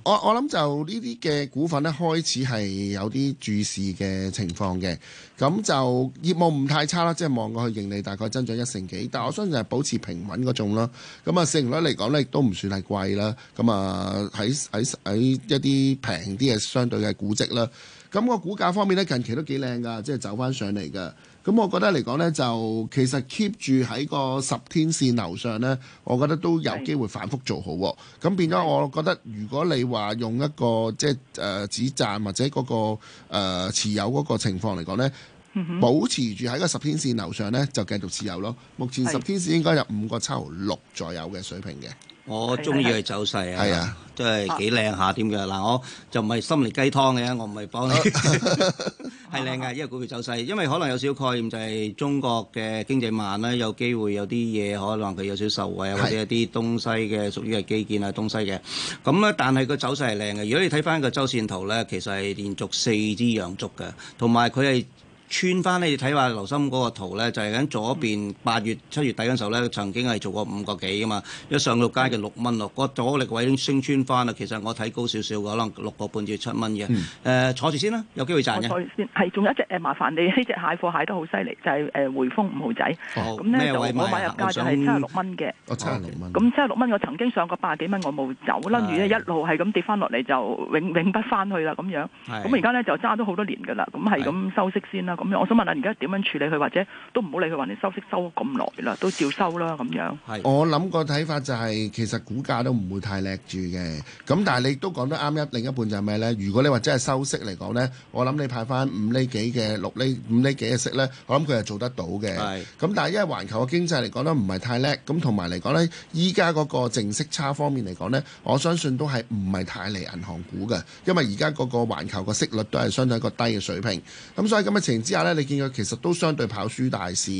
我我諗就呢啲嘅股份咧，開始係有啲注視嘅情況嘅，咁就業務唔太差啦，即係望過去盈利大概增長一成幾，但係我相信係保持平穩嗰種咯。咁啊，市盈率嚟講咧，亦都唔算係貴啦。咁啊，喺喺喺一啲平啲嘅相對嘅估值啦。咁個股價方面咧，近期都幾靚噶，即係走翻上嚟噶。咁、嗯、我覺得嚟講呢，就其實 keep 住喺個十天線樓上呢，我覺得都有機會反覆做好，哦。咁變咗，我覺得如果你話用一個即係誒止賺或者嗰、嗰個、呃、持有嗰個情況嚟講呢，嗯、哼保持住喺個十天線樓上呢，就繼續持有咯。目前十天線應該有五個七毫六左右嘅水平嘅。我中意佢走勢啊，真係幾靚下添㗎嗱，我就唔係心力雞湯嘅，我唔係幫，係靚嘅，因為佢嘅走勢，因為可能有少少概念就係中國嘅經濟慢咧，有機會有啲嘢可能佢有少少受惠啊，或者一啲東西嘅屬於係基建啊東西嘅，咁咧但係個走勢係靚嘅，如果你睇翻個週線圖咧，其實係連續四支陽燭嘅，同埋佢係。穿翻咧，你睇下劉心嗰個圖咧，就係喺左邊八月、七月底嗰陣時候咧，曾經係做過五個幾噶嘛。一上到街就六蚊咯，個阻力位已經升穿翻啦。其實我睇高少少，可能六個半至七蚊嘅。誒，坐住先啦，有機會賺嘅。坐住先。係，仲有一隻誒，麻煩你呢隻蟹貨蟹都好犀利，就係誒匯豐五號仔。好。咩位碼？我買入價就係七十六蚊嘅。哦，七十六蚊。咁七十六蚊我曾經上過八十幾蚊，我冇走，跟住咧一路係咁跌翻落嚟，就永永不翻去啦咁樣。係。咁而家咧就揸咗好多年噶啦，咁係咁收息先啦。咁樣，我想問下，而家點樣處理佢？或者都唔好理佢，話你收息收咗咁耐啦，都照收啦咁樣。係，我諗個睇法就係其實股價都唔會太叻住嘅。咁但係你都講得啱一另一半就係咩呢？如果你話真係收息嚟講呢，我諗你派翻五厘幾嘅六厘五厘幾嘅息呢，我諗佢係做得到嘅。係。咁但係因為環球嘅經濟嚟講呢，唔係太叻咁，同埋嚟講呢，依家嗰個淨息差方面嚟講呢，我相信都係唔係太嚟銀行股嘅，因為而家嗰個環球個息率都係相對一個低嘅水平。咁所以咁嘅情之下呢，你見佢其實都相對跑輸大市，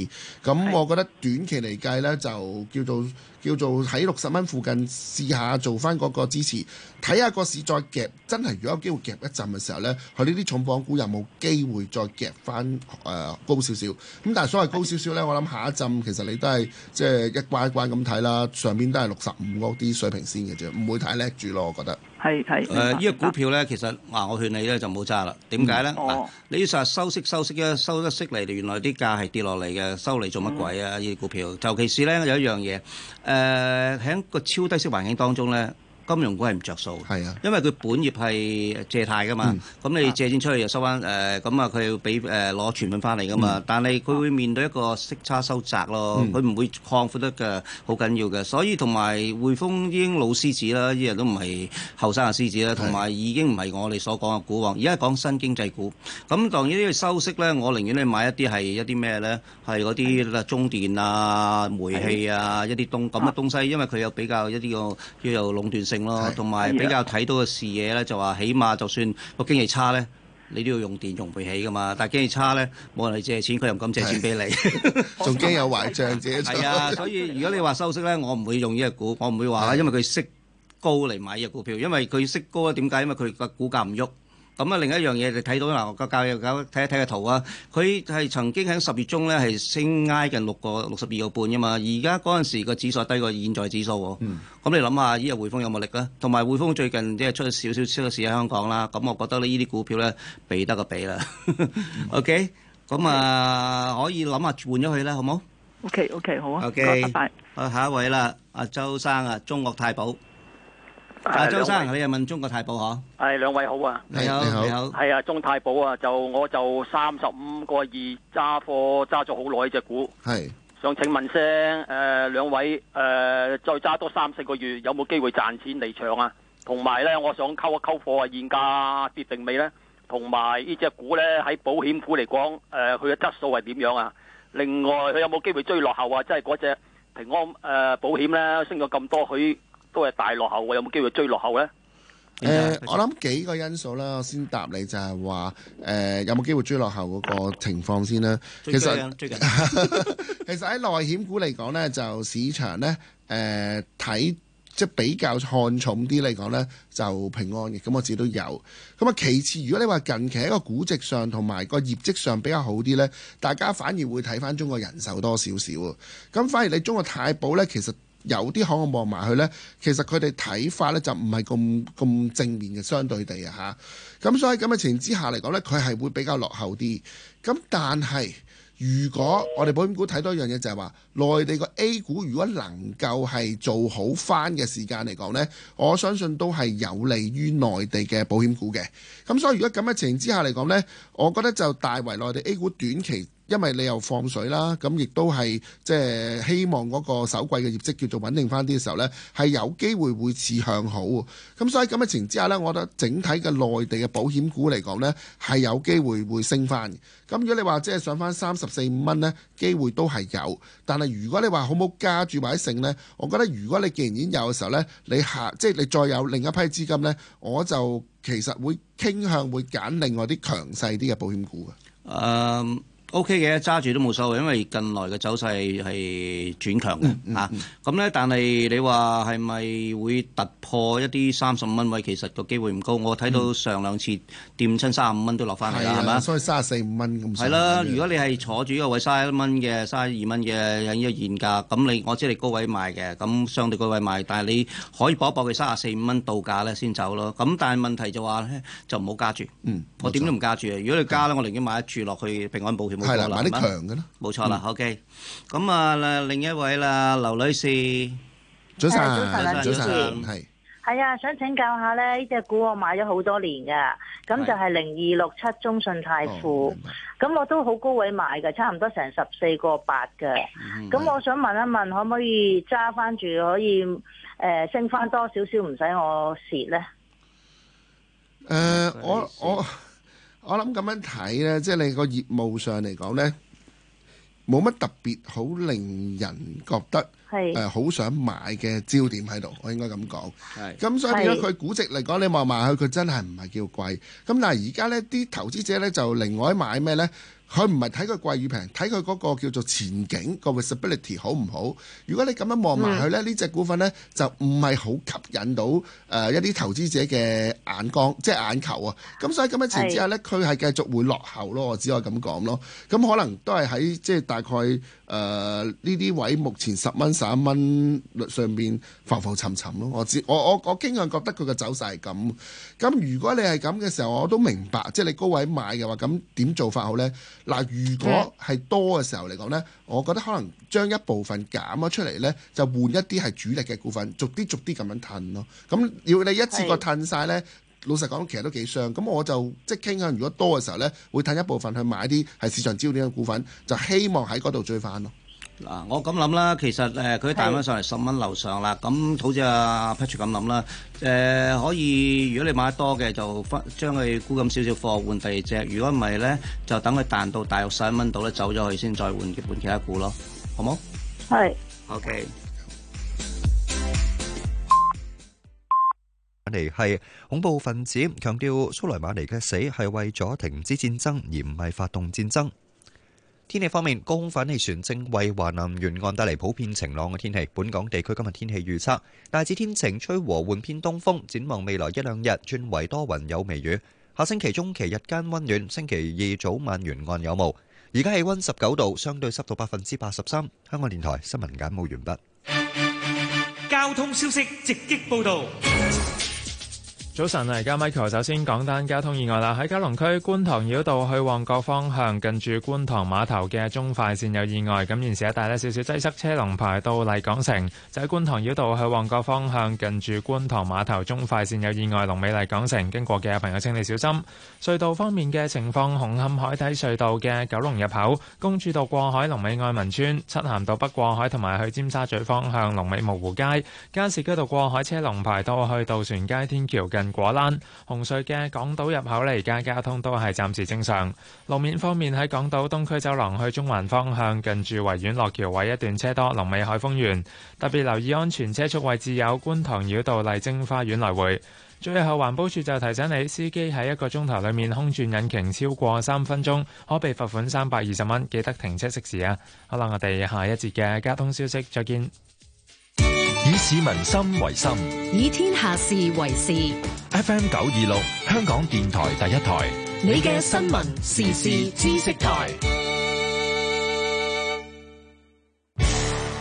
咁我覺得短期嚟計呢，就叫做叫做喺六十蚊附近試下做翻嗰個支持，睇下個市再夾。真係如果有機會夾一陣嘅時候呢，佢呢啲重磅股又有冇機會再夾翻誒、呃、高少少？咁但係所謂高少少呢，是的 我諗下一陣其實你都係即係一關一關咁睇啦，上面都係六十五嗰啲水平線嘅啫，唔會太叻住咯，我覺得。係係，誒呢、呃、白個股票咧，其實話、呃、我勸你咧就唔好揸啦。點解咧？你成日收息收息嘅，收得息嚟，原來啲價係跌落嚟嘅，收嚟做乜鬼啊？呢啲、嗯、股票，尤其是咧有一樣嘢，誒、呃、喺個超低息環境當中咧。金融股係唔著數嘅，因為佢本業係借貸㗎嘛，咁你借錢出去又收翻誒，咁啊佢要俾誒攞存款翻嚟㗎嘛。但係佢會面對一個息差收窄咯，佢唔會擴闊得嘅，好緊要嘅。所以同埋匯豐已經老獅子啦，呢日都唔係後生嘅獅子啦，同埋已經唔係我哋所講嘅股王。而家講新經濟股，咁當然呢個收息咧，我寧願你買一啲係一啲咩咧，係嗰啲啦，中電啊、煤氣啊一啲東咁嘅東西，因為佢有比較一啲個要有壟斷性。咯，同埋比較睇到嘅視野咧，就話起碼就算個經濟差咧，你都要用電容備起噶嘛。但經濟差咧，冇人嚟借錢，佢又唔敢借錢俾你，仲驚的 有壞帳借出。係啊，所以如果你話收息咧，我唔會用呢隻股，我唔會話，因為佢息高嚟買呢隻股票，因為佢息高啊。點解？因為佢個股價唔喐。咁啊，另一樣嘢就睇到嗱，個教育睇一睇個圖啊，佢係曾經喺十月中咧係升挨近六個六十二個半吖嘛，而家嗰陣時個指數低過現在指數。咁、嗯、你諗下，依個匯豐有冇力啊？同埋匯豐最近即係出咗少少出咗事喺香港啦，咁我覺得呢依啲股票咧比得個比啦。嗯、 OK，咁啊樣 Okay.、uh, 可以諗下換咗佢啦，好冇？OK，OK，okay, okay, 好啊，OK，拜拜。下一位啦，阿周生啊，中國太保。阿周生，你又問中國太保嗬？係兩位好啊！你好，你好，係啊！中太保啊，就我就三十五個二揸貨揸咗好耐隻股，係。想請問聲誒，兩位誒，再揸多三四個月有冇機會賺錢離場啊？同埋咧，我想溝一溝貨啊，現價跌定未咧？同埋呢隻股咧，喺保險股嚟講，誒，佢嘅質素係點樣啊？另外，佢有冇機會追落後啊？即係嗰隻平安誒保險咧，升咗咁多，佢。都係大落後，我有冇機會追落後呢？誒、嗯，嗯、我諗幾個因素啦，我先答你就係話誒，有冇機會追落後嗰個情況先啦。其實最近，最近 其實喺內險股嚟講呢，就市場呢，誒、呃，睇即比較看重啲嚟講呢，就平安嘅，咁我自己都有。咁啊，其次如果你話近期喺個估值上同埋個業績上比較好啲呢，大家反而會睇翻中國人壽多少少啊。咁反而你中國太保呢，其實。有啲可能望埋去呢，其實佢哋睇法呢就唔係咁咁正面嘅，相對地啊嚇。咁所以喺咁嘅情形之下嚟講呢，佢係會比較落後啲。咁但係如果我哋保險股睇多一樣嘢就係話，內地個 A 股如果能夠係做好翻嘅時間嚟講呢，我相信都係有利於內地嘅保險股嘅。咁所以如果咁嘅情形之下嚟講呢，我覺得就大為內地 A 股短期。因為你又放水啦，咁亦都係即係希望嗰個首季嘅業績叫做穩定翻啲嘅時候呢，係有機會會似向好。咁所以喺咁嘅情之下呢，我覺得整體嘅內地嘅保險股嚟講呢，係有機會會升翻。咁如果你話即係上翻三十四五蚊呢，機會都係有。但係如果你話好唔好加住或者剩呢，我覺得如果你既然已經有嘅時候呢，你下即係你再有另一批資金呢，我就其實會傾向會揀另外啲強勢啲嘅保險股嘅。Um O K 嘅，揸住都冇所謂，因為近來嘅走勢係轉強嘅，啊咁咧，但係你話係咪會突破一啲三十五蚊位，其實個機會唔高。我睇到上兩次掂親三十五蚊都落翻去啦，係嘛？所以三十四五蚊咁。係啦，如果你係坐住呢個位三十一蚊嘅、三十二蚊嘅依個現價，咁你我知你高位賣嘅，咁相對高位賣，但係你可以搏一搏，佢三十四五蚊到價咧先走咯。咁但係問題就話咧，就唔好加住。嗯，我點都唔加住。如果你加咧，我寧願買一注落去平安保險。係啦，買啲強嘅咯，冇錯啦。嗯、OK，咁啊，另一位啦，劉女士，早晨，早晨，早晨，係，係啊，想請教下咧，呢隻股我買咗好多年嘅，咁的就係零二六七中信泰富，咁、哦、我都好高位買嘅，差唔多成十四個八嘅，咁的我想問一問，可唔可以揸翻住，可以誒升翻多少少，唔使我蝕咧？誒、呃，我我。我我諗咁樣睇呢，即係你個業務上嚟講呢，冇乜特別好令人覺得，誒，好想買嘅焦點喺度。我應該咁講。係，咁所以咧，佢估值嚟講，你望埋佢，佢真係唔係叫貴。咁但係而家呢，啲投資者呢就另外買咩呢？佢唔係睇佢貴與平，睇佢嗰個叫做前景、嗰個 visibility 好唔好？如果你咁樣望埋佢呢，呢隻、嗯、股份呢就唔係好吸引到誒、呃、一啲投資者嘅眼光，即係眼球啊！咁所以咁嘅情況之下呢，佢係是繼續會落後咯。我只可以咁講咯。咁可能都係喺即係大概誒呢啲位，目前十蚊、十一蚊上面浮浮沉沉咯。我知我我我經常覺得佢嘅走勢係咁。咁如果你係咁嘅時候，我都明白，即係你高位買嘅話，咁點做法好呢？嗱，如果係多嘅時候嚟講呢，我覺得可能將一部分減咗出嚟呢，就換一啲係主力嘅股份，逐啲逐啲咁樣褪咯。咁要你一次過褪晒呢，是老實講其實都幾傷。咁我就即係傾向，如果多嘅時候呢，會褪一部分去買啲係市場焦點嘅股份，就希望喺嗰度追翻咯。嗱，我咁諗啦，其實誒佢彈返上嚟十蚊樓上啦，咁好似阿 Patrick 咁諗啦，誒可以如果你買得多嘅就返將佢沽咁少少貨，換第二隻，如果唔係咧就等佢彈到大約十蚊度咧，走咗去先再換換其他股咯，好冇？係，OK。馬尼係恐怖分子，強調蘇萊馬尼嘅死係為咗停止戰爭而唔係發動戰爭。天氣方面，高空反氣旋正為華南沿岸帶嚟普遍晴朗嘅天氣。本港地區今日天氣預測大致天晴，吹和緩偏東風。展望未來一兩日轉為多雲有微雨。下星期中期日間温暖，星期二早晚沿岸有霧。而家氣温十九度，相對濕度百分之八十三。香港電台新聞簡報完畢。交通消息直擊報道。早晨，而家 Michael，首先講單交通意外啦。喺九龍區觀塘繞道去旺角方向，近住觀塘碼頭嘅中快線有意外，咁現時一帶咧，少少擠塞，車龍排到麗港城。就喺觀塘繞道去旺角方向，近住觀塘碼頭中快線有意外，龍尾麗港城經過嘅朋友，請你小心。隧道方面嘅情況，紅磡海底隧道嘅九龍入口，公主道過海，龍尾愛民邨；，漆咸道北過海，同埋去尖沙咀方向，龍尾蕪湖街；，加士居道過海，車龍排到去渡船街天橋近。果欄紅隧嘅港島入口，嚟家交通都係暫時正常。路面方面喺港島東區走廊去中環方向近維，近住維園落橋位一段車多，龍尾海峰園。特別留意安全車速位置有觀塘繞道麗晶花園來回。最後，環保署就提醒你，司機喺一個鐘頭裏面空轉引擎超過三分鐘，可被罰款三百二十蚊。記得停車熄匙啊！好啦，我哋下一節嘅交通消息，再見。以市民心為心，以天下事為事。FM 九二六，香港電台第一台。你嘅新聞時事知識台，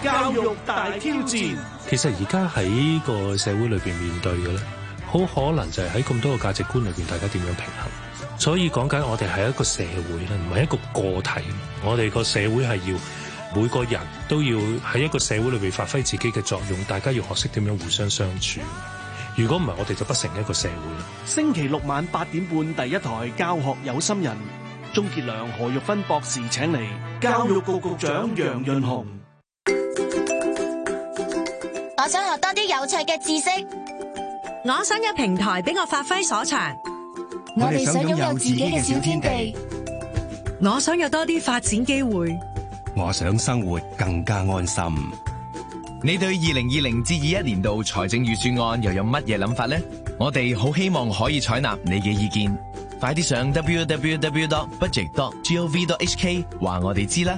教育大挑戰。其實而家喺個社會裏邊面對嘅咧，好可能就係喺咁多個價值觀裏邊，大家點樣平衡？所以講緊我哋係一個社會咧，唔係一個個體。我哋個社會係要。每個人都要喺一個社會裏面發揮自己嘅作用，大家要學識點樣互相相處。如果唔係，我哋就不成一個社會。星期六晚八點半，第一台教學有心人，鍾傑良、何玉芬博士請嚟，教育局局長楊潤雄。我想學多啲有趣嘅知識。我想有平台畀我發揮所長。我哋想擁有自己嘅小天地。我想有多啲發展機會。我想生活更加安心。你對二零二零至二一年度財政預算案又有乜嘢諗法呢？我哋好希望可以採納你嘅意見，快啲上 www.budget.gov.hk 話我哋知啦。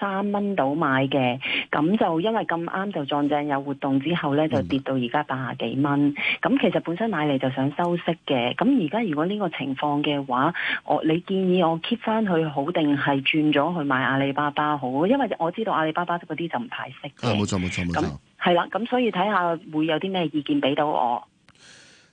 三蚊到買嘅，咁就因為咁啱就撞正有活動之後呢，就跌到而家八十幾蚊。咁其實本身買嚟就想收息嘅，咁而家如果呢個情況嘅話，我你建議我 keep 返去好定係轉咗去買阿里巴巴好？因為我知道阿里巴巴嗰啲就唔太識。啊、嗯，冇錯冇錯冇錯。係啦，咁那錯所以睇下會有啲咩意見俾到我。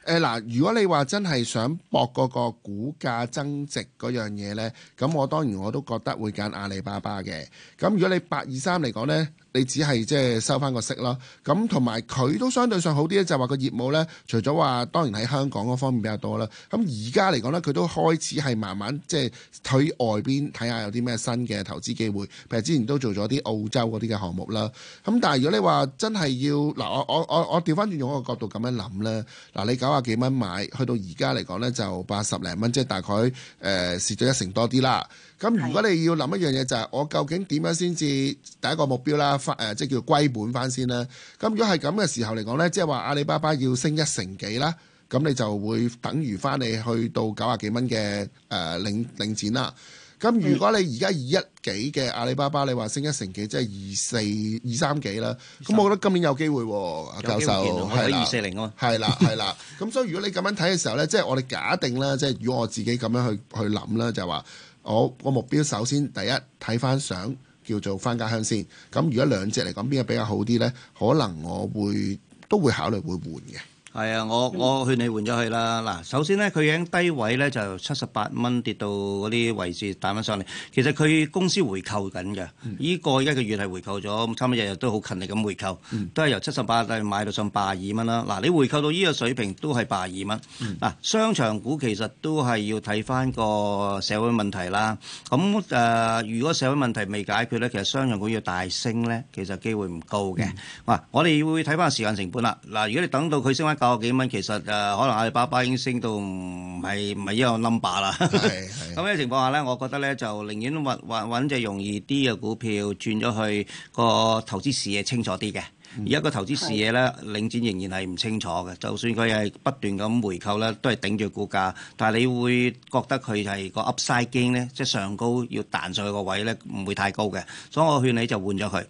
誒嗱，如果你話真係想博嗰個股價增值嗰樣嘢咧，咁我當然我都覺得會揀阿里巴巴嘅。咁如果你八二三嚟講咧？你只係即係收翻個息咯，咁同埋佢都相對上好啲咧，就係話個業務咧，除咗話當然喺香港嗰方面比較多啦。咁而家嚟講咧，佢都開始係慢慢即係去外邊睇下有啲咩新嘅投資機會。譬如之前都做咗啲澳洲嗰啲嘅項目啦。咁但係如果你話真係要嗱，我我我我調翻轉用一個角度咁樣諗咧，嗱你九啊幾蚊買，去到而家嚟講咧就八十零蚊，即係大概誒蝕咗一成多啲啦。咁如果你要諗一樣嘢就係我究竟點樣先至第一個目標啦，翻誒即係叫歸本翻先啦。咁如果係咁嘅時候嚟講呢，即係話阿里巴巴要升一成幾啦，咁你就會等於翻你去到九十幾蚊嘅誒領領展啦。咁如果你而家二一幾嘅阿里巴巴，你話升一成幾，即係二四二三幾啦，咁我覺得今年有機會喎、啊，教授係啦，係、啊、 啦，係咁所以如果你咁樣睇嘅時候呢，即係我哋假定咧，即係如果我自己咁樣去去諗啦，就係話、是。我個目標首先第一睇翻相叫做翻家鄉先，咁如果兩隻嚟講，邊個比較好啲呢？可能我會都會考慮會換嘅。係啊，我我勸你換咗佢啦。嗱，首先咧，佢已經低位咧，就由七十八蚊跌到嗰啲位置，彈翻上嚟。其實佢公司回購緊嘅，依個一個月係回購咗，差唔多日日都好勤力咁回購，都係由七十八但係買到上百二蚊啦。嗱，你回購到依個水平都係百二蚊。嗱，商場股其實都係要睇翻個社會問題啦。咁誒，如果社會問題未解決咧，其實商場股要大升咧，其實機會唔高嘅。嗱，我哋會睇翻時間成本啦。嗱，如果你等到佢升翻。九啊幾蚊，其實誒，可能阿里巴巴已經升到唔係唔係一個 number 啦。咁呢情況下咧，我覺得咧就寧願揾揾隻容易啲嘅股票轉咗去個投資視野清楚啲嘅。而家個投資視野咧，領展仍然係唔清楚嘅。就算佢係不斷咁回購咧，都係頂住股價。但係你會覺得佢係個 Upside Gain 咧，即係上高要彈上去個位咧，唔會太高嘅。所以我勸你就換咗佢。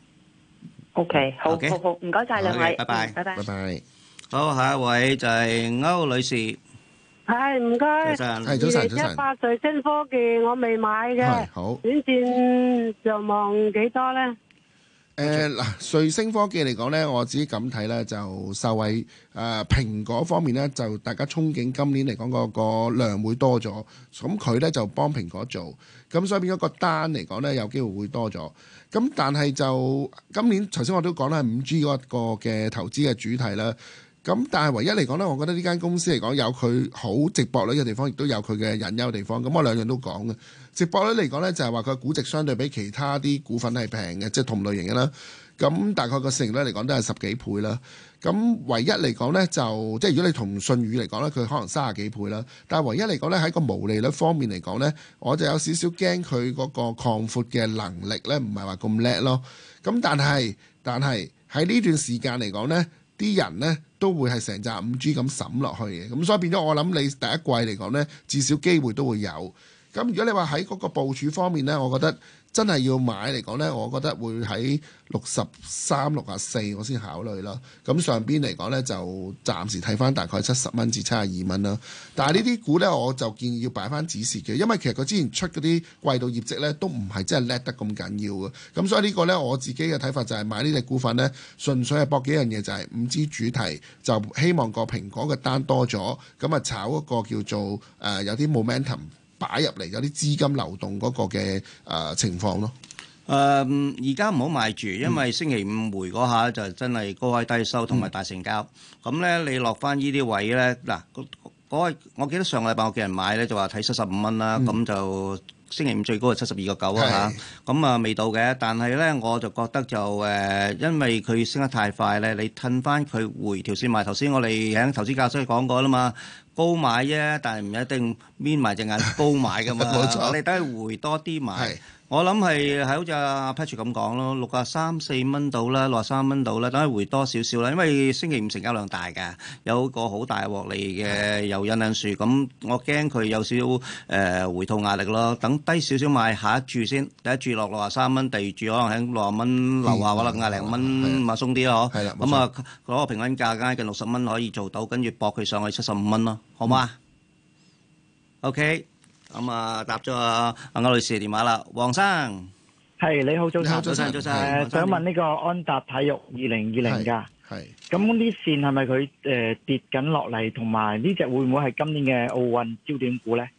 O K，好，好好唔該曬兩位，拜拜，拜拜。好，下一位就係歐女士，係唔該，早晨上，係早晨，早晨。八瑞星科技我未買嘅上，好，短線就望幾多咧？誒、呃，嗱，瑞星科技嚟講咧，我自己咁睇咧，就受惠誒，呃、蘋果方面咧，就大家憧憬今年嚟講嗰個量會多咗，咁佢咧就幫蘋果做，咁所以變咗個單嚟講咧，有機會會多咗。咁但係就今年頭先我都講啦，五 G 嗰一個嘅投資嘅主題咧。咁但係唯一嚟講咧，我覺得呢間公司嚟講有佢好值博率嘅地方，亦都有佢嘅隱憂地方。咁我兩樣都講嘅。值博率嚟講咧，就係話佢估值相對比其他啲股份係平嘅，即係同類型嘅啦。咁大概個市盈率嚟講都係十幾倍啦。咁唯一嚟講咧，就即係如果你同信譽嚟講咧，佢可能三十幾倍啦。但係唯一嚟講咧，喺個毛利率方面嚟講咧，我就有少少驚佢嗰個擴闊嘅能力咧，唔係話咁叻咯。咁但係但係喺呢段時間嚟講咧。啲人呢都會係成紮五 G 咁審落去嘅，咁所以變咗我諗你第一季嚟講呢，至少機會都會有。咁如果你話喺嗰個部署方面呢，我覺得。真係要買嚟講呢，我覺得會喺六十三、六十四我先考慮啦。咁上邊嚟講呢，就暫時睇翻大概七十蚊至七十二蚊啦。但係呢啲股呢，我就建議要擺翻指示嘅，因為其實佢之前出嗰啲季度業績呢，都唔係真係叻得咁緊要嘅。咁所以呢個呢，我自己嘅睇法就係買呢隻股份呢，純粹係博幾樣嘢，就係五 G 主題，就希望個蘋果嘅單多咗，咁啊炒嗰個叫做誒、呃、有啲 momentum。擺入嚟有啲資金流動嗰個嘅誒情況咯。誒而家唔好買住，因為星期五回嗰下就真係高開低收同埋大成交。咁咧、嗯、你落翻呢啲位咧嗱，嗰個，我記得上禮拜我叫人買咧就話睇七十五蚊啦。咁、嗯、就星期五最高係七十二個九啊嚇。咁啊未到嘅，但係咧我就覺得就誒、呃，因為佢升得太快咧，你褪翻佢回調先買。頭先我哋喺投資教室講過啦嘛。高買啫，但係唔一定眯埋隻眼高買噶嘛，冇錯，你都係回多啲買。我諗係係好似阿 Patrick 咁講咯，六啊三四蚊到啦，六啊三蚊到啦，等佢回多少少啦，因為星期五成交量大㗎，有個好大獲利嘅又欣欣樹，咁我驚佢有少少誒回吐壓力咯，等低少少買下一注先，第一注落六啊三蚊，第二注可能喺六啊蚊樓下可能廿零蚊，咪鬆啲咯，嗬？咁啊攞個平均價加近六十蚊可以做到，跟住搏佢上去七十五蚊咯，好嗎？OK。咁啊，嗯、答咗阿阿女士電話啦，黃生，係你好，早晨，早晨，早晨，誒、呃，想問呢個安踏體育二零二零噶，係，咁啲線係咪佢誒跌緊落嚟，同埋呢隻會唔會係今年嘅奧運焦點股咧？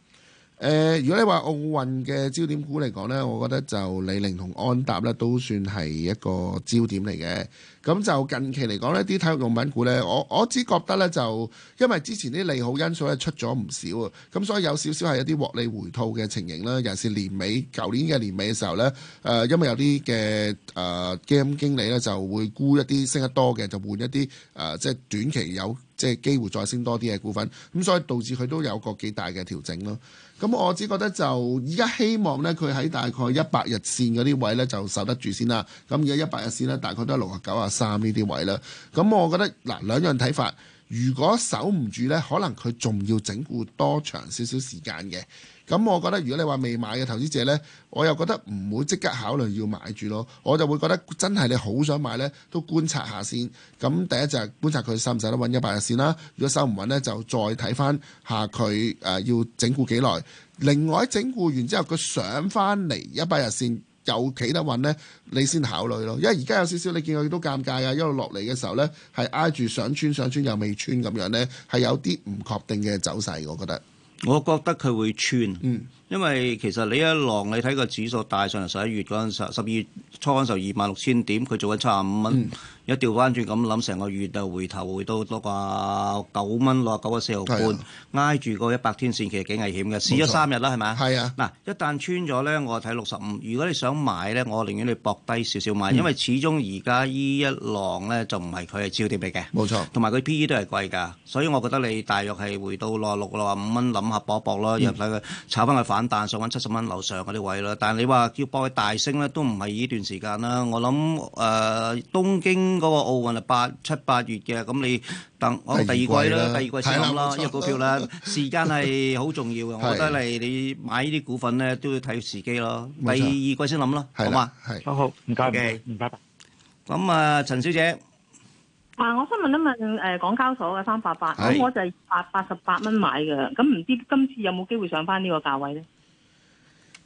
誒、呃，如果你話奧運嘅焦點股嚟講呢，我覺得就李寧同安踏呢都算係一個焦點嚟嘅。咁就近期嚟講呢啲體育用品股呢，我我只覺得呢，就因為之前啲利好因素咧出咗唔少啊，咁所以有少少係一啲獲利回吐嘅情形啦。尤其是年尾、舊年嘅年尾嘅時候呢，誒、呃，因為有啲嘅誒基金經理呢就會沽一啲升得多嘅，就換一啲誒、呃、即係短期有即係機會再升多啲嘅股份，咁所以導致佢都有個幾大嘅調整咯。咁我只覺得就依家希望咧，佢喺大概一百日線嗰啲位咧就守得住先啦。咁而家一百日線咧，大概都係六啊九啊三呢啲位啦。咁我覺得嗱，兩樣睇法，如果守唔住咧，可能佢仲要整固多長少少時間嘅。咁我覺得，如果你話未買嘅投資者呢，我又覺得唔會即刻考慮要買住咯。我就會覺得真係你好想買呢，都觀察下先。咁第一隻觀察佢收唔收得穩一百日線啦、啊。如果收唔穩呢，就再睇翻下佢誒要整固幾耐。另外整固完之後，佢上翻嚟一百日線又企得穩呢，你先考慮咯。因為而家有少少你見到佢都尷尬噶，一路落嚟嘅時候呢，係挨住上穿上穿又未穿咁樣呢，係有啲唔確定嘅走勢，我覺得。我覺得佢會穿。嗯因為其實你一浪你睇個指數大上嚟十一月嗰陣時候，十二月初嗰陣時二萬六千點，佢做緊七十五蚊。一調翻轉咁諗，成個月就回頭回到到個九蚊六啊九啊四毫半，挨住個一百天線其實幾危險嘅，試咗三日啦，係咪？係啊！嗱，一旦穿咗咧，我睇六十五。如果你想買咧，我寧願你搏低少少買，嗯、因為始終而家依一浪咧就唔係佢係超跌嚟嘅。冇錯，同埋佢 P E 都係貴㗎，所以我覺得你大約係回到六啊六啊五蚊，諗下搏搏咯，入曬佢，炒翻佢反。反彈想搵七十蚊樓上嗰啲位啦，但係你話叫幫佢大升咧，都唔係呢段時間啦。我諗誒、呃，東京嗰個奧運係八七八月嘅，咁你等我、啊、第，第二季啦，第二季先諗啦，因為股票啦， 時間係好重要嘅。 是我覺得係你買呢啲股份咧，都要睇時機咯。錯第二季先諗啦，ーー好嘛嗎？係，好，好，唔該 Okay,，嘅，該，唔該。咁啊，陳小姐。嗱、啊，我想問一問，誒、呃、港交所嘅三百八，咁我就係二百八十八蚊買嘅，咁唔知今次有冇機會上翻呢個價位咧？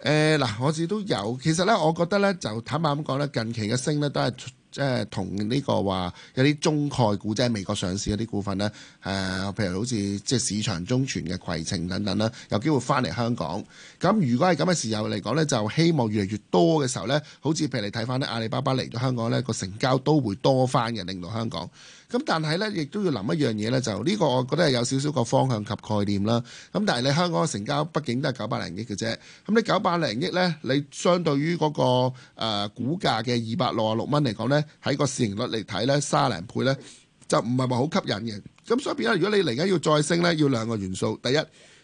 誒嗱、呃，我自己都有，其實咧，我覺得咧，就坦白咁講咧，近期嘅升咧都係。即係同呢個話有啲中概股即係美國上市嗰啲股份呢，誒、呃，譬如好似即係市場中傳嘅攜程等等啦，有機會翻嚟香港。咁如果係咁嘅時候嚟講呢，就希望越嚟越多嘅時候呢，好似譬如你睇翻呢阿里巴巴嚟到香港呢，個成交都會多翻嘅，令到香港。咁但係咧，亦都要諗一樣嘢咧，就呢、這個我覺得係有少少個方向及概念啦。咁但係你香港嘅成交畢竟都係九百零億嘅啫。咁你九百零億咧，你相對於嗰、那個誒、呃、股價嘅二百六十六蚊嚟講咧，喺個市盈率嚟睇咧，三十零倍咧，就唔係話好吸引嘅。咁所以變咗，如果你嚟緊要再升咧，要兩個元素。第一，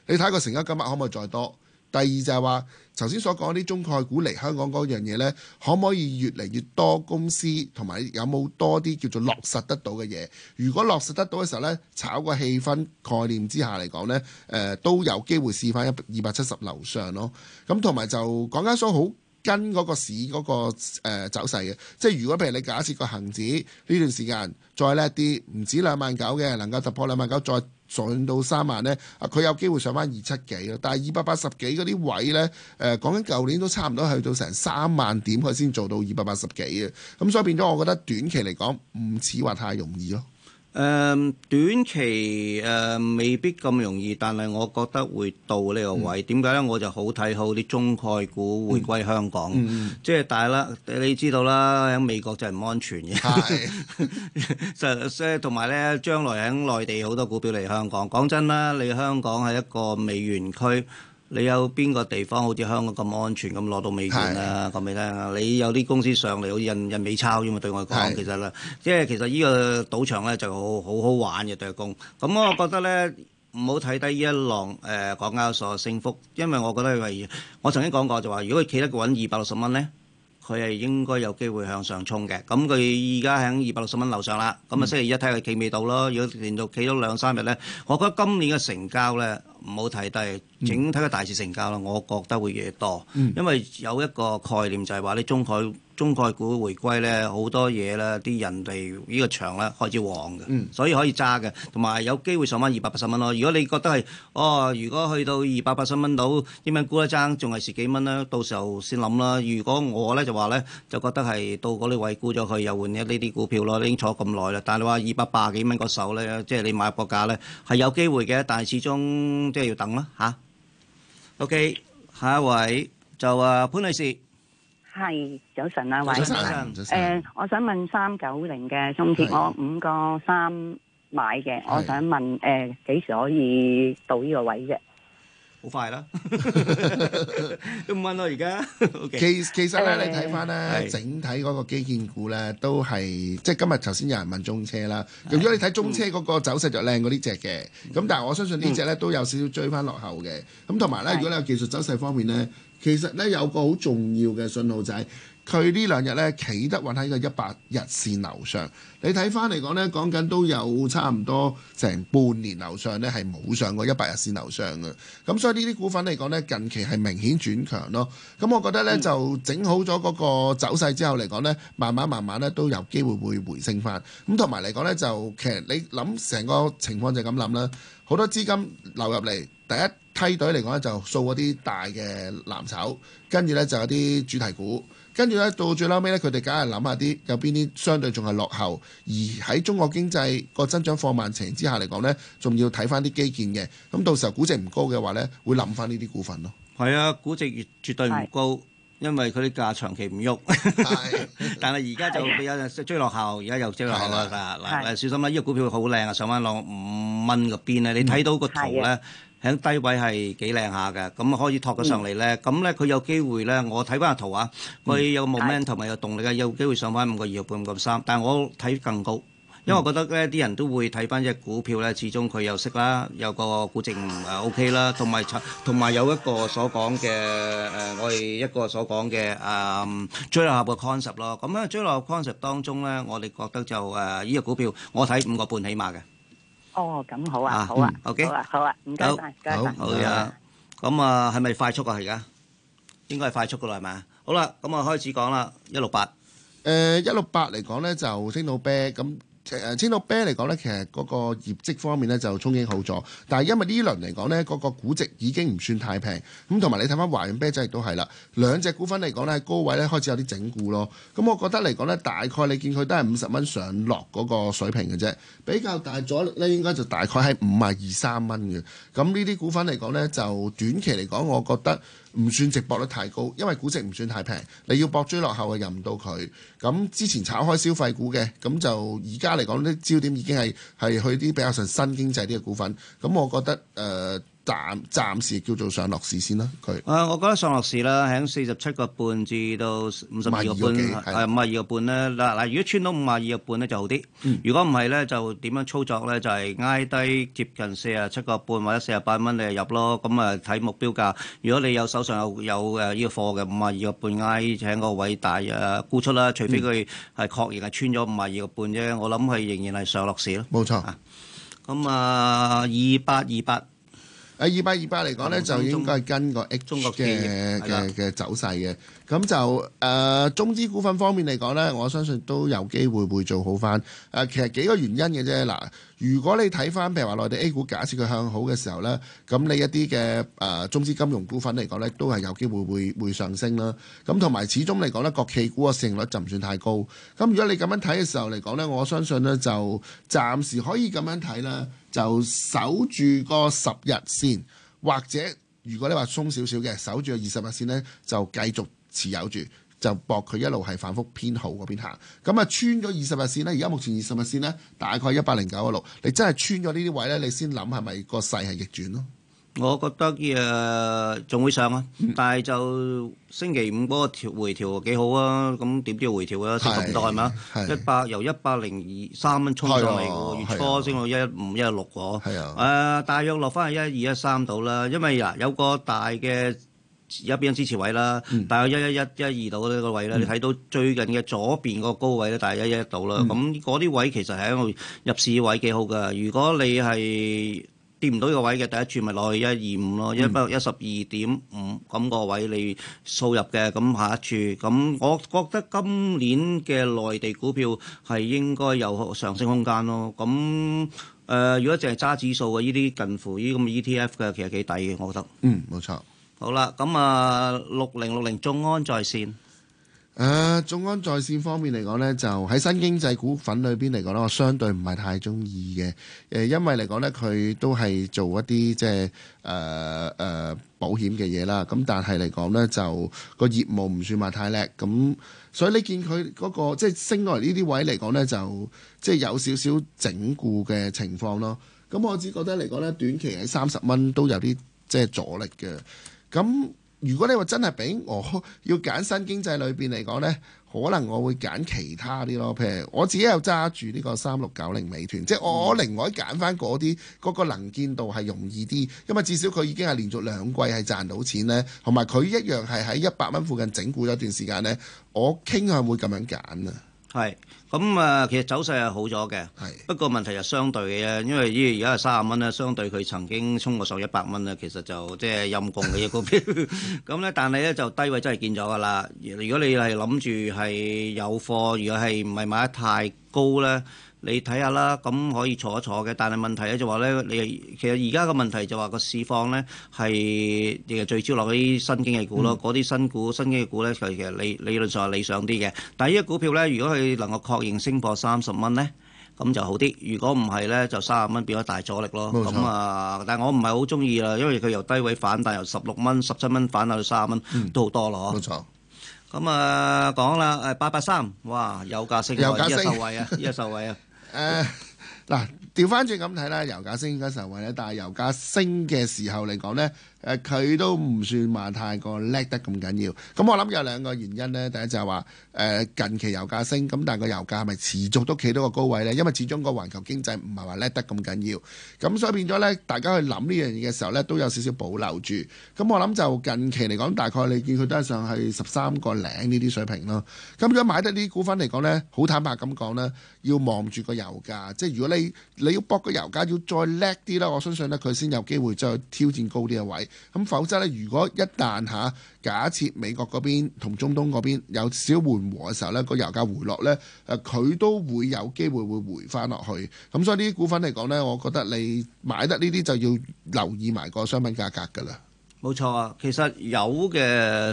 你睇個成交今日可唔可以再多？第二就係話，頭先所講啲中概股嚟香港嗰樣嘢呢，可唔可以越嚟越多公司，同埋有冇多啲叫做落實得到嘅嘢？如果落實得到嘅時候呢，炒個氣氛概念之下嚟講呢誒、呃、都有機會試翻一二百七十樓上咯。咁同埋就港交所好跟嗰個市嗰、嗰個、呃、走勢嘅，即係如果譬如你假設個恆指呢段時間再叻啲，唔止兩萬九嘅，能夠突破兩萬九再。上到三萬呢，佢有機會上翻二七幾咯。但係二百八十幾嗰啲位呢，誒講緊舊年都差唔多去到成三萬點，佢先做到二百八十幾嘅。咁所以變咗，我覺得短期嚟講唔似話太容易咯。誒、呃、短期誒、呃、未必咁容易，但係我覺得會到呢個位。點解咧？我就好睇好啲中概股回歸香港，嗯、即係大啦。你知道啦，喺美國就係唔安全嘅。係，實即係同埋咧，將來喺內地好多股票嚟香港。講真啦，你香港係一個美元區。你有邊個地方好似香港咁安全咁攞到美元啊？講俾你聽啊！你有啲公司上嚟好似印印美鈔咁啊！對我講，其實咧，即係其實依個賭場咧就好好好玩嘅對公。咁我覺得咧，唔好睇低依一浪誒港交所升幅，因為我覺得係我曾經講過就話，如果佢企得穩二百六十蚊咧，佢係應該有機會向上衝嘅。咁佢而家喺二百六十蚊樓上啦，咁啊星期一睇佢企未到咯。如果連續企咗兩三日咧，我覺得今年嘅成交咧。唔好睇低，整體嘅大市成交咯，我覺得會越多，因為有一個概念就係話你中概中概股回歸咧，好多嘢啦，啲人哋呢個場啦開始旺嘅，所以可以揸嘅，同埋有機會上翻二百八十蚊咯。如果你覺得係哦，如果去到二百八十蚊到，啲蚊估一爭，仲係十幾蚊啦，到時候先諗啦。如果我咧就話咧，就覺得係到嗰啲位沽咗佢，又換一呢啲股票咯，你已經坐咁耐啦。但你話二百八十幾蚊嗰手咧，即係你買個價咧係有機會嘅，但係始終。都係要等啦，吓。OK，下一位就阿潘女士，係早晨啊。喂，早晨，誒，我想問三九零嘅中鐵，我五個三買嘅，我想問，誒，幾時可以到呢個位啫？好很快啦 都，都唔問我而家。其其實咧，你睇翻咧，是整體嗰個基建股咧，都係即係今日頭先有人問中車啦。是如果你睇中車嗰個走勢就靚過呢隻嘅，咁是但係我相信隻呢隻咧都有少少追翻落後嘅。咁同埋咧，如果你有技術走勢方面咧，其實咧有個好重要嘅信號就係、是。佢呢兩日呢企得穩喺個一百日線樓上。你睇翻嚟講呢，講緊都有差唔多成半年樓上呢，係冇上過一百日線樓上嘅。咁所以呢啲股份嚟講呢，近期係明顯轉強咯。咁我覺得呢，就整好咗嗰個走勢之後嚟講呢，慢慢慢慢呢都有機會會回升翻。咁同埋嚟講呢，就其實你諗成個情況就係咁諗啦。好多資金流入嚟，第一梯隊嚟講呢，就掃嗰啲大嘅藍籌，跟住呢，就有啲主題股。跟住咧，到最後尾咧，佢哋梗係諗下啲有邊啲相對仲係落後，而喺中國經濟個增長放慢情之下嚟講咧，仲要睇翻啲基建嘅。咁到時候估值唔高嘅話咧，會諗翻呢啲股份咯。係啊，估值越絕對唔高，是因為佢啲價長期唔喐。是 但係而家就有的追落後，而家又追落後啦。嗱，小心啦，呢、這個股票好靚啊，上翻落五蚊嗰邊啊，你睇到個圖咧。的喺低位係幾靚下嘅，咁可以托佢上嚟咧，咁咧佢有機會咧，我睇翻個圖啊，佢有 moment 同埋有動力啊，有機會上翻五個二個半咁咁三，但我睇更高，因為我覺得咧啲人都會睇翻隻股票咧，始終佢有息啦，有個股證誒 O K 啦，同埋同埋有一個所講嘅誒，我哋一個所講嘅誒追落後嘅 concept 咯，咁啊追落後 concept 當中咧，我哋覺得就誒依隻股票，我睇五個半起碼嘅。哦，咁好啊,是是啊，好啊，好嘅，好啊，好啊，唔該曬，唔該曬，好啊，咁啊，係咪快速啊？係而家應該係快速噶啦，係嘛？好啦，咁我開始講啦。一六八，誒一六八嚟講咧，就升到啤咁。誒，青島啤嚟講呢，其實嗰個業績方面呢就憧憬好咗，但係因為呢輪嚟講呢嗰、那個估值已經唔算太平，咁同埋你睇翻華潤啤，即係都係啦，兩隻股份嚟講呢高位呢開始有啲整固咯，咁我覺得嚟講呢大概你見佢都係五十蚊上落嗰個水平嘅啫，比較大咗呢咧應該就大概係五啊二三蚊嘅，咁呢啲股份嚟講呢就短期嚟講，我覺得。唔算值博率太高，因為估值唔算太平，你要搏追落後啊，入唔到佢。咁之前炒開消費股嘅，咁就而家嚟講啲焦點已經係係去啲比較上新經濟啲嘅股份，咁我覺得誒。呃暫暫時叫做上落市先啦。佢，誒，我覺得上落市啦，喺四十七個半至到五十二個半，誒，五十二個半咧。嗱嗱，嗯，如果穿到五十二個半咧就好啲。如果唔係咧，就點樣操作咧？就係、是、挨低接近四十七個半或者四十八蚊你就入咯。咁啊，睇目標價。如果你有手上有有誒呢個貨嘅五十二個半，挨喺個位大誒沽出啦。除非佢係確認係穿咗五十二個半啫，我諗係仍然係上落市咯。冇錯。咁啊，二八二八。28, 28, 28, 誒二八二八嚟講咧，中就應該係跟個 H 嘅嘅嘅走勢嘅。咁的就誒、呃、中資股份方面嚟講咧，我相信都有機會會做好翻。誒、呃、其實幾個原因嘅啫。嗱，如果你睇翻譬如話內地 A 股假設佢向好嘅時候咧，咁你一啲嘅誒中資金融股份嚟講咧，都係有機會會會上升啦。咁同埋始終嚟講咧，國企股嘅勝率就唔算太高。咁如果你咁樣睇嘅時候嚟講咧，我相信咧就暫時可以咁樣睇啦、嗯。就守住個十日線，或者如果你話鬆少少嘅，守住個二十日線呢，就繼續持有住，就搏佢一路係反覆偏好嗰邊行。咁啊穿咗二十日線呢？而家目前二十日線呢，大概一百零九個六，你真係穿咗呢啲位呢？你先諗係咪個勢係逆轉咯。我覺得誒仲會上啊，但係就星期五嗰個調回調幾好啊，咁點都要回調啊，跌咁多係咪啊？一百由一百零二三蚊衝上嚟嘅，月初升到一一五、一一六喎。誒，大約落翻係一一二、一三度啦，因為嗱有個大嘅一邊支持位啦，大約一一一、一二度呢個位啦。你睇到最近嘅左邊個高位咧，大約一一一度啦。咁嗰啲位其實係一個入市位幾好㗎，如果你係。掂唔到呢個位嘅第一處咪落去一二五咯，一百一十二點五咁個位你掃入嘅咁下一處。咁我覺得今年嘅內地股票係應該有上升空間咯。咁誒、呃，如果淨係揸指數嘅呢啲近乎於咁嘅 ETF 嘅，其實幾抵嘅，我覺得。嗯，冇錯。好啦，咁啊，六零六零眾安在線。啊，uh, 眾安在線方面嚟講呢，就喺新經濟股份裏邊嚟講咧，我相對唔係太中意嘅。誒，因為嚟講呢，佢都係做一啲即係誒誒保險嘅嘢啦。咁但係嚟講呢，就個業務唔算話太叻。咁所以你見佢嗰個即係升落嚟呢啲位嚟講呢，就即係有少少整固嘅情況咯。咁我只覺得嚟講呢，短期喺三十蚊都有啲即係阻力嘅。咁如果你話真係俾我要揀新經濟裏邊嚟講呢，可能我會揀其他啲咯。譬如我自己又揸住呢個三六九零美團，嗯、即係我另外揀翻嗰啲嗰個能見度係容易啲，因為至少佢已經係連續兩季係賺到錢呢，同埋佢一樣係喺一百蚊附近整固咗一段時間呢。我傾向會咁樣揀啦。係。咁啊，其實走勢係好咗嘅，是不過問題就相對嘅，因為依而家係三十蚊啦，相對佢曾經衝過上一百蚊啦，其實就即係陰功嘅一個票。咁咧， 但係咧就低位真係見咗噶啦。如果你係諗住係有貨，如果係唔係買得太高咧？你睇下啦，咁可以坐一坐嘅，但係問題咧就話咧，你其實而家嘅問題就話個市況咧係亦係聚焦落啲新經濟股咯，嗰啲、嗯、新股、新經濟股咧，其實理理論上係理想啲嘅。但係呢個股票咧，如果佢能夠確認升破三十蚊咧，咁就好啲；如果唔係咧，就三十蚊變咗大阻力咯。冇錯。咁啊，但係我唔係好中意啦，因為佢由低位反彈，由十六蚊、十七蚊反彈到三十蚊，嗯、都好多咯。冇錯錯。咁啊，講啦，八八三，哇，有價升，依個收位啊，依個收位啊！ 誒嗱，調翻轉咁睇啦，油價升應該受惠咧，但係油價升嘅時候嚟講咧。誒佢都唔算話太過叻得咁緊要，咁我諗有兩個原因咧。第一就係話誒近期油價升，咁但係個油價係咪持續都企到個高位咧？因為始終個環球經濟唔係話叻得咁緊要，咁所以變咗咧，大家去諗呢樣嘢嘅時候咧，都有少少保留住。咁我諗就近期嚟講，大概你見佢都係上去十三個零呢啲水平咯。咁如果買得啲股份嚟講咧，好坦白咁講咧，要望住個油價。即係如果你你要搏個油價要再叻啲啦，我相信咧佢先有機會再挑戰高啲嘅位。咁否則呢，如果一旦嚇假設美國嗰邊同中東嗰邊有少緩和嘅時候，呢個油價回落呢，誒佢都會有機會會回翻落去。咁所以呢啲股份嚟講呢，我覺得你買得呢啲就要留意埋個商品價格㗎啦。冇錯啊，其實有嘅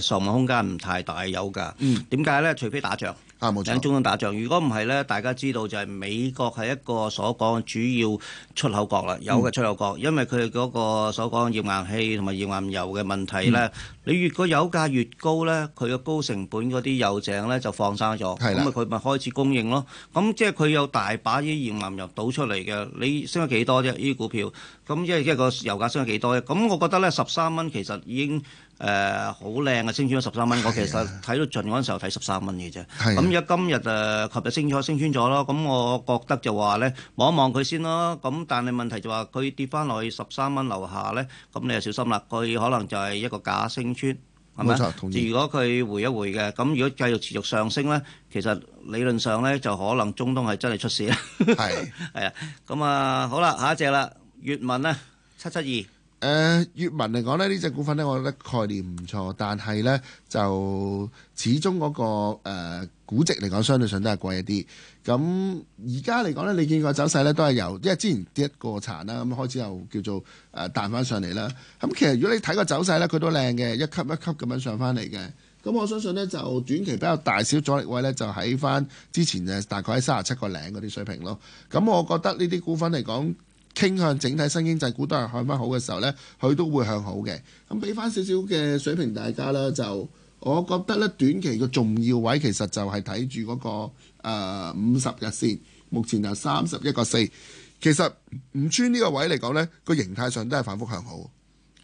上行空間唔太大，有㗎。點解呢？除非打仗。啊！冇錯，喺中東打仗。如果唔係呢，大家知道就係美國係一個所講主要出口國啦，有嘅、嗯、出口國。因為佢嗰個所講頁岩氣同埋頁岩油嘅問題呢，嗯、你越個油價越高呢，佢嘅高成本嗰啲油井呢就放生咗，咁啊佢咪開始供應咯。咁即係佢有大把啲頁岩油倒出嚟嘅，你升咗幾多啫？呢啲股票咁即係即係個油價升咗幾多咧？咁我覺得呢十三蚊其實已經。誒好靚啊！升穿咗十三蚊，我其實睇到盡嗰陣時候睇十三蚊嘅啫。咁而家今日誒，琴日升穿，升穿咗咯。咁我覺得就話咧，望一望佢先咯。咁但係問題就話佢跌翻落去十三蚊樓下咧，咁你又小心啦。佢可能就係一個假升穿，係咪？冇錯，同意。如果佢回一回嘅，咁如果繼續持續上升咧，其實理論上咧就可能中東係真係出事啦。係，係啊。咁啊，好啦，下一隻啦，閱文啊，七七二。誒、呃，越文嚟講呢，呢隻股份呢，我覺得概念唔錯，但係呢，就始終嗰、那個估值嚟講，呃、相對上都係貴一啲。咁而家嚟講呢，你見個走勢呢，都係由，因為之前跌一個殘啦，咁、嗯、開始又叫做誒彈翻上嚟啦。咁、嗯、其實如果你睇個走勢呢，佢都靚嘅，一級一級咁樣上翻嚟嘅。咁、嗯、我相信呢，就短期比較大小阻力位呢，就喺翻之前大概喺三十七個零嗰啲水平咯。咁、嗯、我覺得呢啲股份嚟講，傾向整體新經濟股都係向翻好嘅時候呢，佢都會向好嘅。咁俾翻少少嘅水平，大家咧就，我覺得呢短期嘅重要位其實就係睇住嗰個五十、呃、日線，目前就三十一個四。其實唔穿呢個位嚟講呢，個形態上都係反覆向好。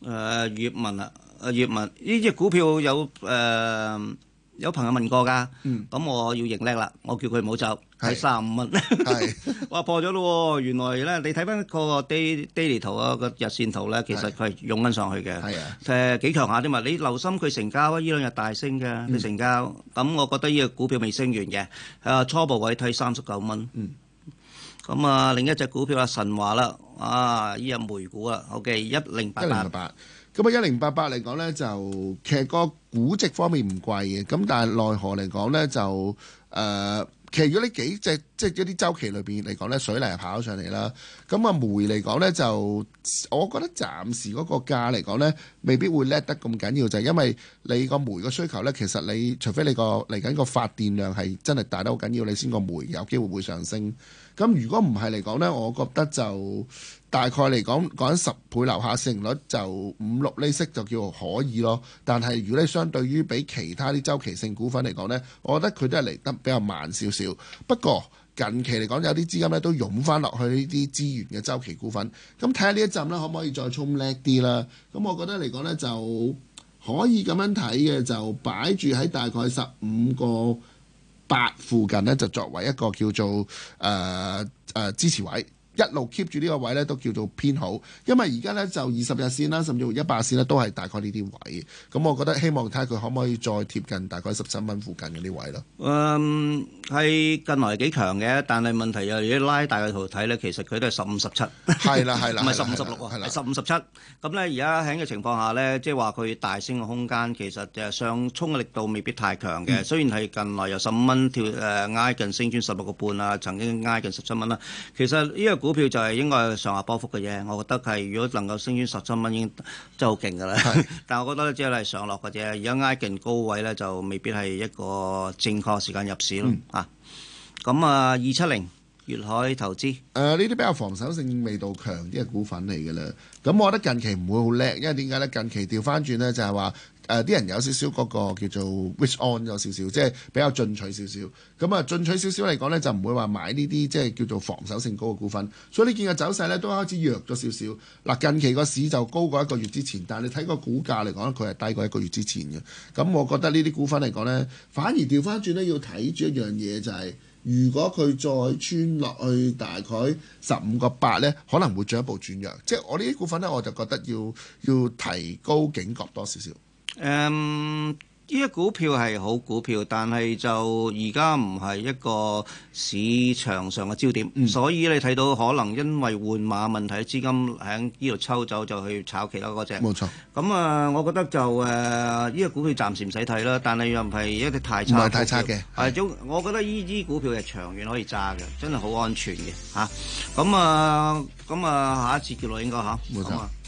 誒葉、呃、文啊，葉文呢隻股票有誒。呃有朋友問過噶，咁我要認叻啦，我叫佢唔好走，係三十五蚊。係，話破咗咯喎，原來咧你睇翻個 daily 圖啊，個日線圖咧，其實佢係湧緊上去嘅。係啊，誒幾強下啲嘛？你留心佢成交啊，依兩日大升嘅，佢成交，咁我覺得依隻股票未升完嘅。啊，初步位推三十九蚊。嗯，咁啊另一隻股票啊神華啦，啊依日煤股啊，OK 一零八八。咁啊，一零八八嚟講呢，就其實個估值方面唔貴嘅，咁但係奈何嚟講呢，就誒、呃，其實如果你幾隻即係一啲周期裏邊嚟講呢，水泥係跑上嚟啦。咁啊，煤嚟講呢，就我覺得暫時嗰個價嚟講呢，未必會叻得咁緊要，就係、是、因為你個煤個需求呢，其實你除非你個嚟緊個發電量係真係大得好緊要，你先個煤有機會會上升。咁如果唔係嚟講呢，我覺得就大概嚟講講緊十倍樓下成率就五六厘息就叫做可以咯。但係如果你相對於比其他啲周期性股份嚟講呢，我覺得佢都係嚟得比較慢少少。不過近期嚟講有啲資金呢都湧翻落去呢啲資源嘅周期股份。咁睇下呢一陣呢，可唔可以再衝叻啲啦？咁、嗯、我覺得嚟講呢，就可以咁樣睇嘅，就擺住喺大概十五個八附近咧就作為一個叫做誒誒、呃呃、支持位。一路 keep 住呢個位咧，都叫做偏好，因為而家咧就二十日線啦，甚至乎一百線呢，都係大概呢啲位。咁我覺得希望睇下佢可唔可以再貼近大概十七蚊附近嘅呢位咯、嗯。 嗯，係近來係幾強嘅，但係問題又係拉大嘅圖睇呢，其實佢都係十五十七，係啦係啦，唔係十五十六喎，係啦十五十七。咁呢而家喺嘅情況下呢，即係話佢大升嘅空間其實誒上衝嘅力度未必太強嘅。嗯、雖然係近來由十五蚊跳誒挨、呃、近升穿十六個半啊，曾經挨近十七蚊啦。其實呢、呢個股票就係應該係上下波幅嘅嘢，我覺得係如果能夠升穿十七蚊，已經真係好勁㗎啦。是的 但係我覺得咧，只係上落嘅啫。而家挨近高位咧，就未必係一個正確時間入市咯。嗯、啊，咁啊，二七零粵海投資，誒呢啲比較防守性味道強啲嘅股份嚟嘅啦。咁我覺得近期唔會好叻，因為點解咧？近期調返轉咧，就係話。誒啲、呃、人有少少嗰個叫做 wish on 有少少，即係比較進取少少。咁、嗯、啊，進取少少嚟講呢，就唔會話買呢啲即係叫做防守性高嘅股份。所以你見個走勢呢，都開始弱咗少少。嗱，近期個市就高過一個月之前，但係你睇個股價嚟講，佢係低過一個月之前嘅。咁、嗯、我覺得呢啲股份嚟講呢，反而掉返轉呢，要睇住一樣嘢，就係，就係如果佢再穿落去大概十五個八呢，可能會進一步轉弱。即係我呢啲股份呢，我就覺得要要提高警覺多少少。誒，呢隻、um，股票係好股票，但係就而家唔係一個市場上嘅焦點，嗯、所以你睇到可能因為換馬問題，資金喺呢度抽走，就去炒其他嗰隻。冇錯錯。咁啊、嗯，我覺得就誒、呢、呃、隻股票暫時唔使睇啦，但係又唔係一啲太差嘅，太差嘅。係、嗯、我覺得呢支股票係長遠可以揸嘅，真係好安全嘅，吓。咁啊，咁、嗯啊，嗯、啊，下一次結論應該吓。冇、啊、錯。錯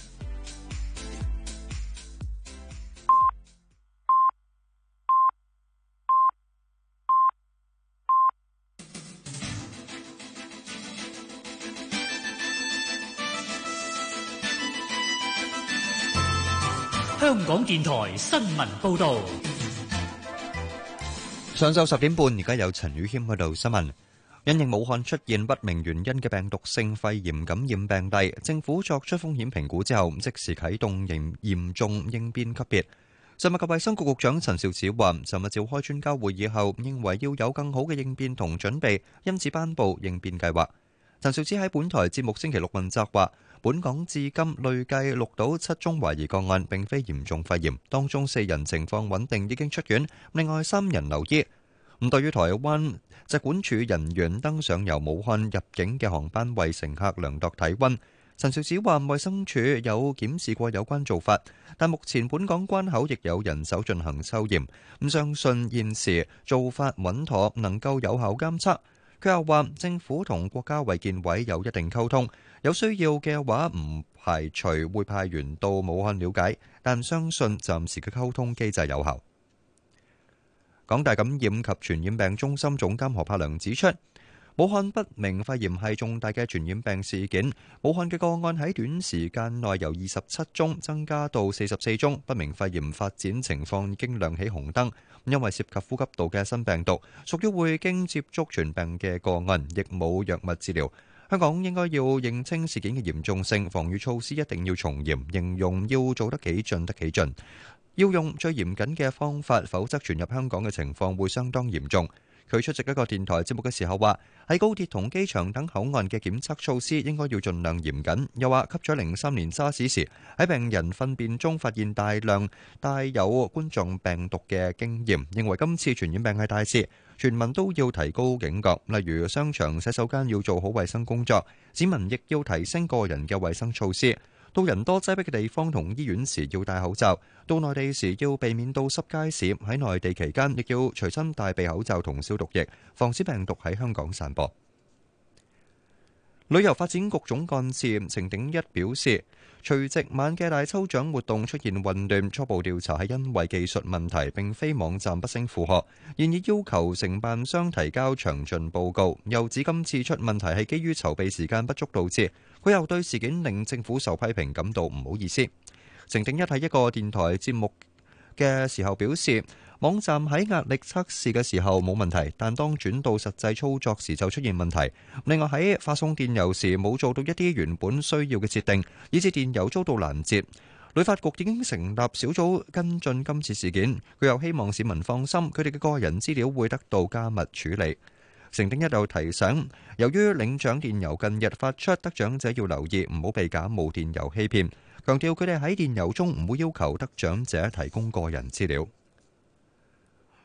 香港電台新聞報道：上晝十點半，而家有陳宇謙喺度。新聞因應武漢出現不明原因嘅病毒性肺炎感染病例，政府作出風險評估之後，即時啟動嚴嚴重應變級別。食物及衛生局局長陳肇始話，尋日召開專家會議後，認為要有更好嘅應變同準備，因此頒布應變計劃。陳肇始喺本台節目星期六問責話。本港至今累計六到七宗懷疑個案，並非嚴重肺炎。當中四人情況穩定，已經出院。另外三人留醫。咁對於台灣疾管處人員登上由武漢入境嘅航班，為乘客量度體温，陳肇始話，衛生署有檢視過有關做法，但目前本港關口亦有人手進行抽驗。咁相信現時做法穩妥，能夠有效監測。佢又話，政府同國家衛健委有一定溝通。有需要嘅話，唔排除會派員到武漢了解，但相信暫時嘅溝通機制有效。港大感染及傳染病中心總監何柏良指出，武漢不明肺炎係重大嘅傳染病事件。武漢嘅個案喺短時間內由二十七宗增加到四十四宗，不明肺炎發展情況已經亮起紅燈。因為涉及呼吸道嘅新病毒，屬於會經接觸傳病嘅個案，亦冇藥物治療。香港應該要認清事件嘅嚴重性，防禦措施一定要從嚴，形容要做得幾盡得幾盡，要用最嚴謹嘅方法，否則傳入香港嘅情況會相當嚴重。佢出席一個電台節目嘅時候話，喺高鐵同機場等口岸嘅檢測措施應該要盡量嚴謹。又話吸咗零三年沙士時，喺病人糞便中發現大量帶有冠狀病毒嘅經驗，認為今次傳染病係大事。全民都要提高警覺，例如商場洗手間要做好衛生工作，市民亦要提升個人嘅衛生措施。到人多擠迫嘅地方同醫院時要戴口罩，到內地時要避免到濕街市。喺內地期間，亦要隨身帶備口罩同消毒液，防止病毒喺香港散播。旅遊發展局總幹事程鼎一表示。除夕晚嘅大抽獎活動出現混亂，初步調查係因為技術問題，並非網站不勝負荷，現已要求承辦商提交詳盡報告。又指今次出問題係基於籌備時間不足導致。佢又對事件令政府受批評感到唔好意思。程鼎一喺一個電台節目嘅時候表示。網站喺壓力測試嘅時候冇問題，但當轉到實際操作時就出現問題。另外喺發送電郵時冇做到一啲原本需要嘅設定，以致電郵遭到攔截。旅發局已經成立小組跟進今次事件。佢又希望市民放心，佢哋嘅個人資料會得到加密處理。程鼎一度提醒，由於領獎電郵近日發出，得獎者要留意唔好被假冒電郵欺騙。強調佢哋喺電郵中唔會要求得獎者提供個人資料。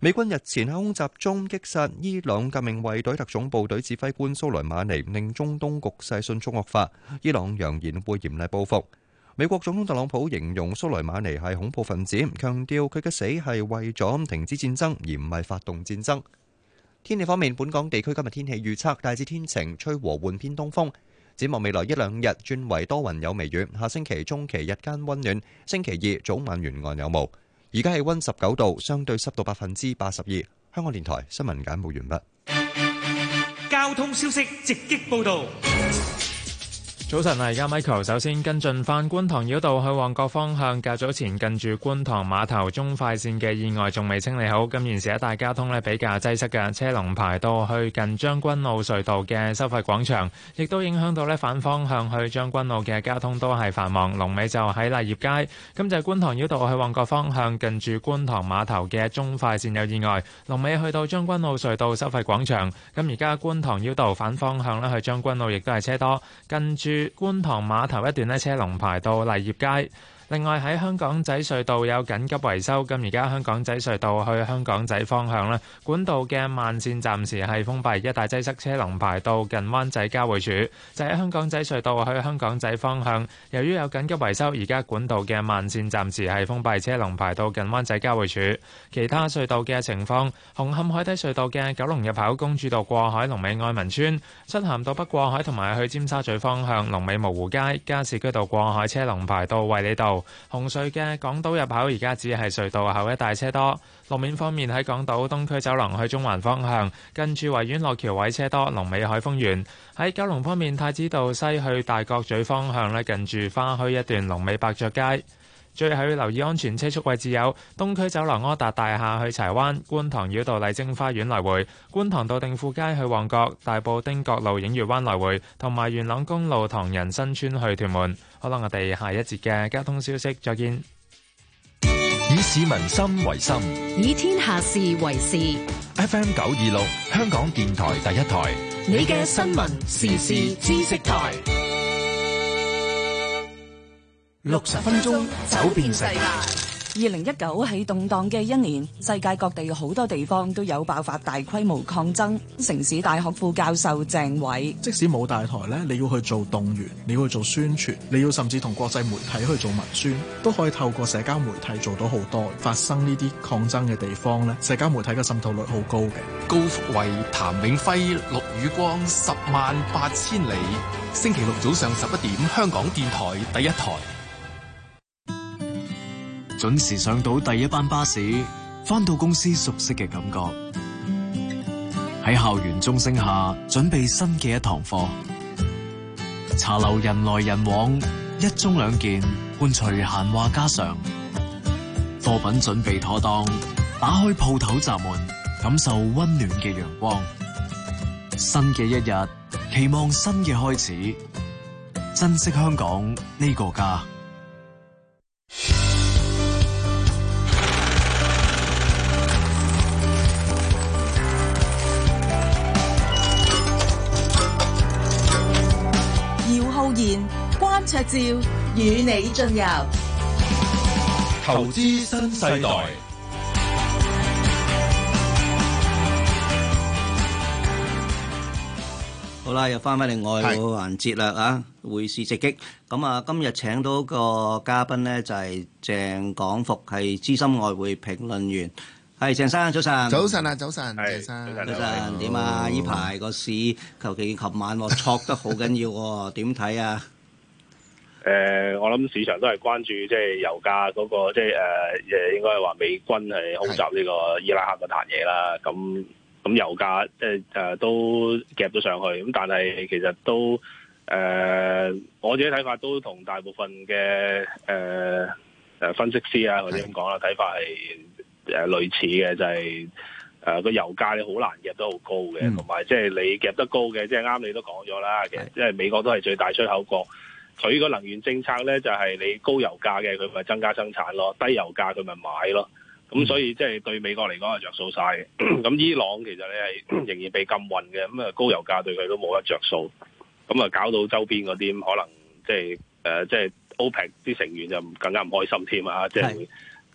美軍日前喺空襲中擊殺伊朗革命衛隊特種部隊指揮官蘇萊馬尼，令中東局勢迅速惡化。伊朗揚言會嚴厲報復。美國總統特朗普形容蘇萊馬尼係恐怖分子，強調佢嘅死係為咗停止戰爭，而唔係發動戰爭。天氣方面，本港地區今日天氣預測大致天晴，吹和緩偏東風。展望未來一兩日轉為多雲有微雨。下星期中期日間温暖，星期二早晚沿岸有霧。而家氣溫十九度，相對濕度百分之八十二。香港電台新聞簡報完畢。交通消息直擊報道。早晨啊，而家 Michael，首先跟進翻，觀塘繞道去旺角方向，較早前近住觀塘碼頭中快線嘅意外仲未清理好，咁現時一帶交通咧，比較擠塞嘅，車龍排到去近將軍澳隧道嘅收費廣場，亦都影響到咧，反方向去將軍澳嘅交通都係繁忙，龍尾就喺麗業街。咁就係觀塘繞道去旺角方向，近住觀塘碼頭嘅中快線有意外，龍尾去到將軍澳隧道收費廣場，咁而家觀塘繞道反方向咧，去將軍澳亦都係車多，近住。觀塘碼頭一段呢，車龍排到勵業街。另外喺香港仔隧道有緊急維修，咁而家香港仔隧道去香港仔方向啦，管道嘅慢線暫時係封閉，一大擠塞車龍排到近灣仔交匯處。就喺香港仔隧道去香港仔方向，由於有緊急維修，而家管道嘅慢線暫時係封閉，車龍排到近灣仔交匯處。其他隧道嘅情況，紅磡海底隧道嘅九龍入口公主道過海，龍尾愛民村；漆咸道北過海同埋去尖沙咀方向，龍尾蕪湖街、加士居道過海，車龍排到衛理道。紅隧嘅港島入口而家只係隧道後一帶車多。路面方面喺港島東區走廊去中環方向，近住維園落橋位車多，龍尾海豐園。喺九龍方面，太子道西去大角咀方向咧，近住花墟一段，龍尾百爵街。最後要留意安全車速位置有：東區走廊柯達大廈去柴灣、觀塘繞道麗晶花園來回、觀塘到定富街去旺角、大埔汀角路映月灣來回，同埋元朗公路唐人新村去屯門。好啦，我哋下一節嘅交通消息再見。以市民心為心，以天下事為事。FM 九二六，香港電台第一台，你嘅新聞時事知識台。六十分鐘走遍世界。二零一九係動盪嘅一年，世界各地好多地方都有爆發大規模抗爭。城市大學副教授鄭偉，即使冇大台咧，你要去做動員，你要去做宣傳，你要甚至同國際媒體去做文宣，都可以透過社交媒體做到好多。發生呢啲抗爭嘅地方呢，社交媒體嘅滲透率好高嘅。高福慧、譚永輝、陸宇光，十萬八千里。星期六早上十一點，香港電台第一台。準時上到第一班巴士，返到公司熟悉嘅感覺。喺校園鐘聲下，準備新嘅一堂課。茶樓人來人往，一盅兩件，伴隨閒話家常。貨品準備妥當，打開鋪頭閘門，感受温暖嘅陽光。新嘅一日，期望新嘅開始，珍惜香港呢個家。關焯照與你進遊，投資新世代。好啦，又翻翻嚟外匯環節啦，啊，匯市直擊。咁啊，今日請到個嘉賓呢，就係鄭廣福，係資深外匯評論員。係，鄭生早晨。早晨啊，早晨，鄭生是早晨，點晨啊？呢排個市，求其琴晚我挫好得好緊要，點睇啊？誒、 啊呃，我諗市場都係關注即係油價嗰，那個，即係誒誒，應該係話美軍係空襲呢個伊拉克個彈嘢啦。咁咁是油價即係誒都夾咗上去。咁但係其實都誒，呃，我自己睇法都同大部分嘅誒誒分析師啊或者咁講啦，睇法係。是誒類似嘅就係誒個油價咧，好難夾得好高嘅，同埋即係你夾得高嘅，即係啱你都講咗啦。是其實即係美國都係最大出口國，佢個能源政策咧就係、是、你高油價嘅，佢咪增加生產咯；低油價佢咪買咯。咁、嗯嗯、所以即係、就是、對美國嚟講係着數晒嘅。咁 伊朗其實你係仍然被禁運嘅，咁啊高油價對佢都冇得着數，咁、嗯、啊搞到周邊嗰啲可能即係誒即係 OPEC 啲成員就更加唔開心添啊！即係咁，是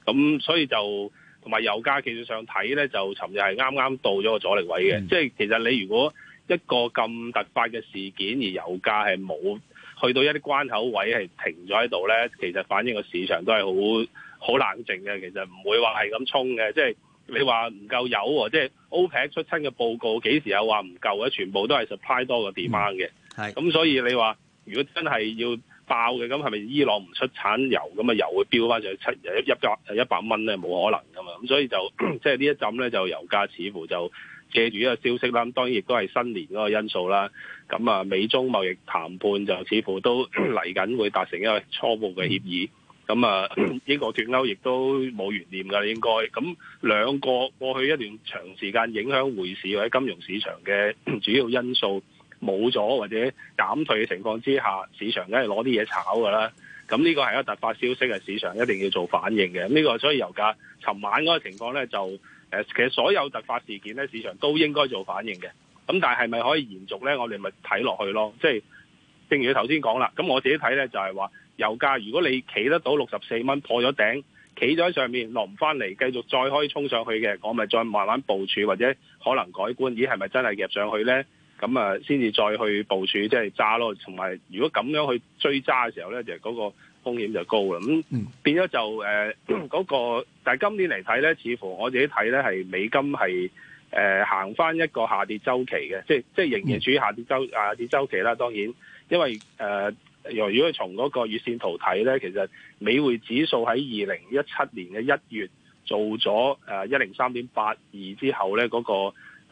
嗯、所以就。同埋油價技術上睇咧，就尋日係啱啱到咗個阻力位嘅。嗯、即係其實你如果一個咁突發嘅事件而油價係冇去到一啲關口位係停咗喺度咧，其實反映個市場都係好好冷靜嘅。其實唔會話係咁衝嘅。即係你話唔夠油，即係 OPEC 出親嘅報告幾時又話唔夠嘅？全部都係 supply 多過 demand 嘅。係咁、嗯嗯，所以你話如果真係要爆嘅，咁係咪伊朗唔出產油，咁啊油會飆翻上去七入一,一百蚊咧？冇可能噶嘛。咁所以就即係呢一陣咧，就油價似乎就借住呢個消息啦，當然亦都係新年嗰個因素啦。咁啊美中貿易談判就似乎都嚟緊 會達成一個初步嘅協議。咁啊英國脫歐亦都冇懸念㗎，應該咁兩個過去一段長時間影響匯市或者金融市場嘅主要因素。冇咗或者減退嘅情況之下，市場梗係攞啲嘢炒㗎啦。咁、嗯、呢、這個係一個突發消息，係市場一定要做反應嘅。呢、嗯這個所以油價，尋晚嗰個情況呢，就誒、呃、其實所有突發事件呢，市場都應該做反應嘅。咁、嗯、但係係咪可以延續呢？我哋咪睇落去咯。即係正如你頭先講啦。咁我自己睇呢，就係、是、話油價，如果你企得到六十四蚊破咗頂，企咗喺上面落唔翻嚟，繼續再可以衝上去嘅，我咪再慢慢部署或者可能改觀。咦，係咪真係夾上去呢？咁啊，先至、嗯嗯、再去部署，即係揸咯。同埋，如果咁樣去追揸嘅時候咧，就、那、嗰個風險就高啦。咁變咗就誒嗰、呃嗯那個，但係今年嚟睇咧，似乎我自己睇咧係美金係誒、呃、行翻一個下跌周期嘅，即係即係仍然處於下跌周、下跌周期啦。當然，因為誒由、呃、如果從嗰個月線圖睇咧，其實美匯指數喺二零一七年嘅一月做咗誒一零三點八二之後咧，嗰、那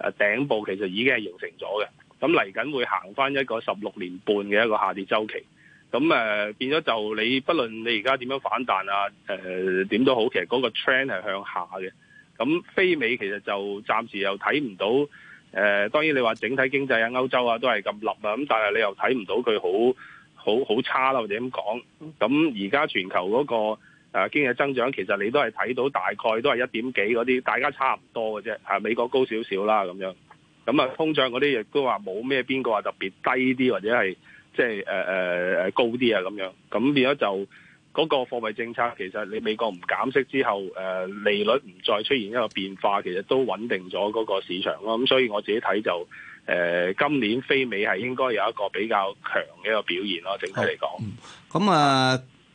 個誒頂部其實已經係形成咗嘅。咁嚟緊會行翻一個十六年半嘅一個下跌周期，咁誒、呃、變咗就你，不論你而家點樣反彈啊，誒、呃、點都好，其實嗰個 trend 係向下嘅。咁非美其實就暫時又睇唔到，誒、呃、當然你話整體經濟啊、歐洲啊都係咁立啊，咁但係你又睇唔到佢好好好差啦、啊，或者咁講？咁而家全球嗰、那個誒、啊、經濟增長，其實你都係睇到大概都係一點幾嗰啲，大家差唔多嘅啫，係美國高少少啦咁樣。咁啊，通脹嗰啲亦都話冇咩邊個話特別低啲或者係即係誒誒誒高啲啊咁樣，咁變咗就嗰、嗰個貨幣政策其實你美國唔減息之後，誒、呃、利率唔再出現一個變化，其實都穩定咗嗰個市場咯。咁所以我自己睇就誒、呃、今年非美係應該有一個比較強嘅一個表現咯，整體嚟講。咁啊、嗯。嗯嗯嗯嗯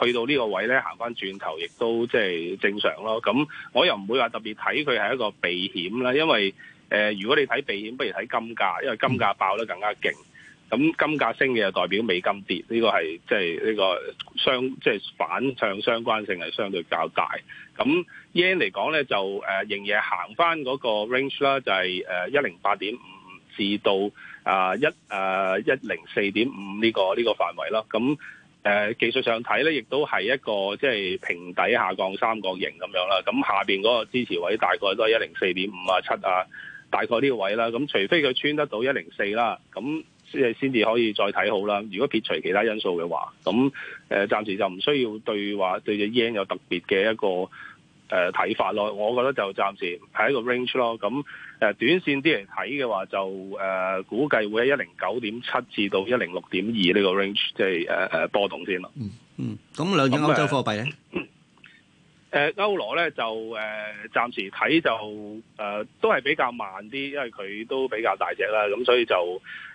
去到呢個位咧，行翻轉頭，亦都即係正常咯。咁我又唔會話特別睇佢係一個避險啦，因為誒、呃，如果你睇避險，不如睇金價，因為金價爆得更加勁。咁金價升嘅就代表美金跌，呢、這個係即係呢個相，即、就、係、是、反向相關性係相對較大。咁 yen 嚟講咧，就誒、呃、仍然行翻嗰個 range 啦、就是，就係誒一零八點五至到啊一誒一零四點五呢個呢、這個範圍啦。咁誒、呃、技術上睇咧，亦都係一個即係平底下降三角形咁樣啦。咁下邊嗰個支持位大概都係一零四點五啊七啊，大概呢個位啦。咁除非佢穿得到一零四啦，咁先先至可以再睇好啦。如果撇除其他因素嘅話，咁誒暫時就唔需要對話對隻 yen 有特別嘅一個誒睇、呃、法咯。我覺得就暫時係一個 range 咯。咁。誒短線啲嚟睇嘅話，就誒、呃、估計會喺一零九點七至到一零六點二呢個 range，即係誒誒波動先咯、嗯。嗯嗯，咁兩種歐洲貨幣咧？誒、嗯呃、歐羅咧就誒、呃、暫時睇就誒、呃呃、都係比較慢啲，因為佢都比較大隻啦，咁所以就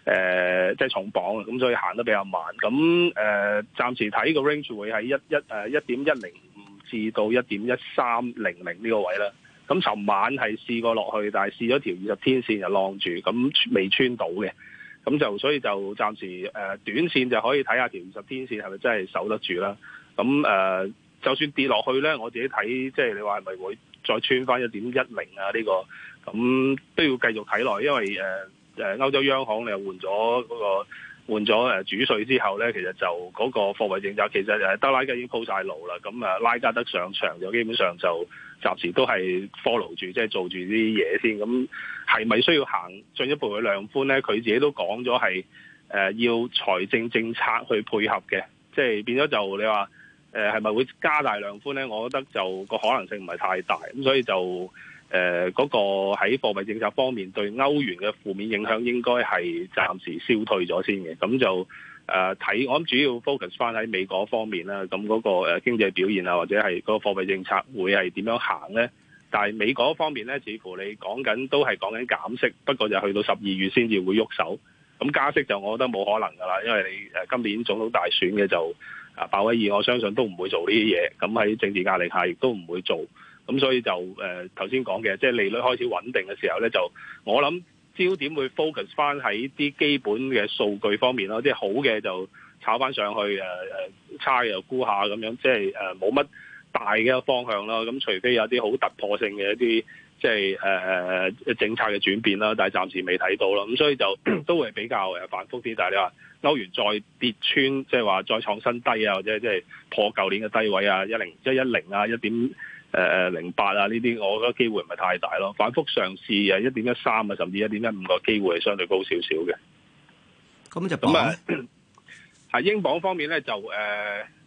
誒即係重磅，咁所以行得比較慢。咁誒、呃、暫時睇個 range 會喺一一誒一點一零五至到一點一三零零呢個位啦。咁、嗯、尋晚係試過落去，但係試咗條二十天線就晾住，咁、嗯、未穿到嘅。咁、嗯、就所以就暫時誒、呃、短線就可以睇下條二十天線係咪真係守得住啦。咁、嗯、誒、呃，就算跌落去咧，我自己睇，即係你話係咪會再穿返一點一零啊？呢、這個咁、嗯、都要繼續睇落去，因為誒誒、呃呃、歐洲央行你又換咗嗰個換咗誒主帥之後咧，其實就嗰、那個貨幣政策其實誒德拉吉已經鋪晒路啦。咁、嗯、誒拉加德上場基本上就基本上就。暫時都係 follow 住，即係做住啲嘢先。咁係咪需要行進一步嘅量寬呢？佢自己都講咗係誒要財政政策去配合嘅，即係變咗就你話誒係咪會加大量寬呢？我覺得就個可能性唔係太大，咁所以就誒嗰個喺貨幣政策方面對歐元嘅負面影響應該係暫時消退咗先嘅，咁就。誒睇、呃、我諗主要 focus 翻喺美國方面啦，咁嗰個誒經濟表現啊，或者係個貨幣政策會係點樣行咧？但係美國方面咧，似乎你講緊都係講緊減息，不過就去到十二月先至會喐手。咁加息就我覺得冇可能㗎啦，因為你誒今年總統大選嘅就啊鮑威爾，我相信都唔會做呢啲嘢。咁喺政治壓力下亦都唔會做。咁所以就誒頭先講嘅，即係利率開始穩定嘅時候咧，就我諗。焦點會 focus 翻喺啲基本嘅數據方面咯，即係好嘅就炒翻上去，誒、呃、誒差嘅就估下咁樣，即係誒冇乜大嘅方向咯。咁、嗯、除非有啲好突破性嘅一啲，即係誒誒政策嘅轉變啦，但係暫時未睇到咯。咁所以就 都會比較誒反覆啲。但係你話歐元再跌穿，即係話再創新低啊，或者即係破舊年嘅低位啊，一零一一零啊，一點。誒誒零八啊呢啲，我覺得機會唔係太大咯。反覆上試啊，一點一三啊，甚至一點一五個機會係相對高少少嘅。咁就，就，咁、呃、啊，係英鎊方面咧就誒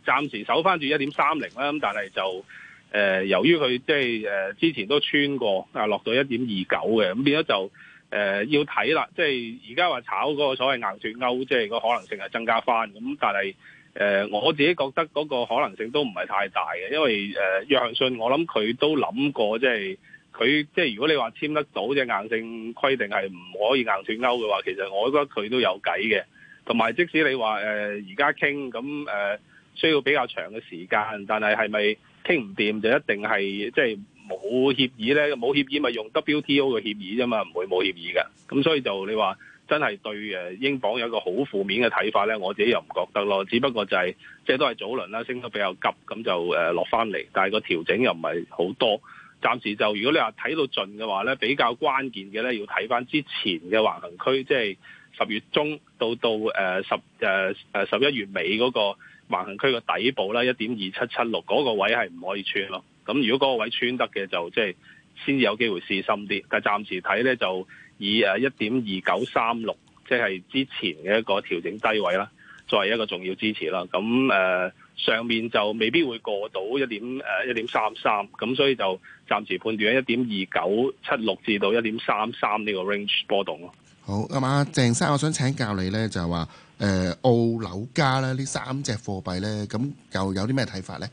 暫時守翻住一點三零啦。咁但係就誒由於佢即係誒之前都穿過啊，落到一點二九嘅，咁變咗就誒、呃、要睇啦。即係而家話炒嗰個所謂硬脱歐，即係個可能性係增加翻。咁但係。誒、呃、我自己覺得嗰個可能性都唔係太大嘅，因為誒約翰遜，我諗佢都諗過，即係佢即係如果你話簽得到即係硬性規定係唔可以硬斷勾嘅話，其實我覺得佢都有計嘅。同埋即使你話誒而家傾咁誒需要比較長嘅時間，但係係咪傾唔掂就一定係即係冇協議咧？冇協議咪用 WTO 嘅協議啫嘛，唔會冇協議嘅。咁所以就你話。真係對誒英鎊有一個好負面嘅睇法呢，我自己又唔覺得咯。只不過就係，即係都係早輪啦，升得比較急，咁就誒落翻嚟。但係個調整又唔係好多。暫時就如果你話睇到盡嘅話呢，比較關鍵嘅呢，要睇翻之前嘅橫行區，即係十月中到到誒十誒十一月尾嗰個橫行區嘅底部啦，一點二七七六嗰個位係唔可以穿咯。咁如果嗰個位穿得嘅就即係先有機會試心啲，但係暫時睇呢，就。以誒一點二九三六，即係之前嘅一個調整低位啦，作為一個重要支持啦。咁誒、呃、上面就未必會過到一點誒一點三三，咁所以就暫時判斷一點二九七六至到一點三三呢個 range 波動咯。好，阿、嗯、鄭生，我想請教你呢，就係話誒澳紐加咧呢三隻貨幣呢，咁又有啲咩睇法呢？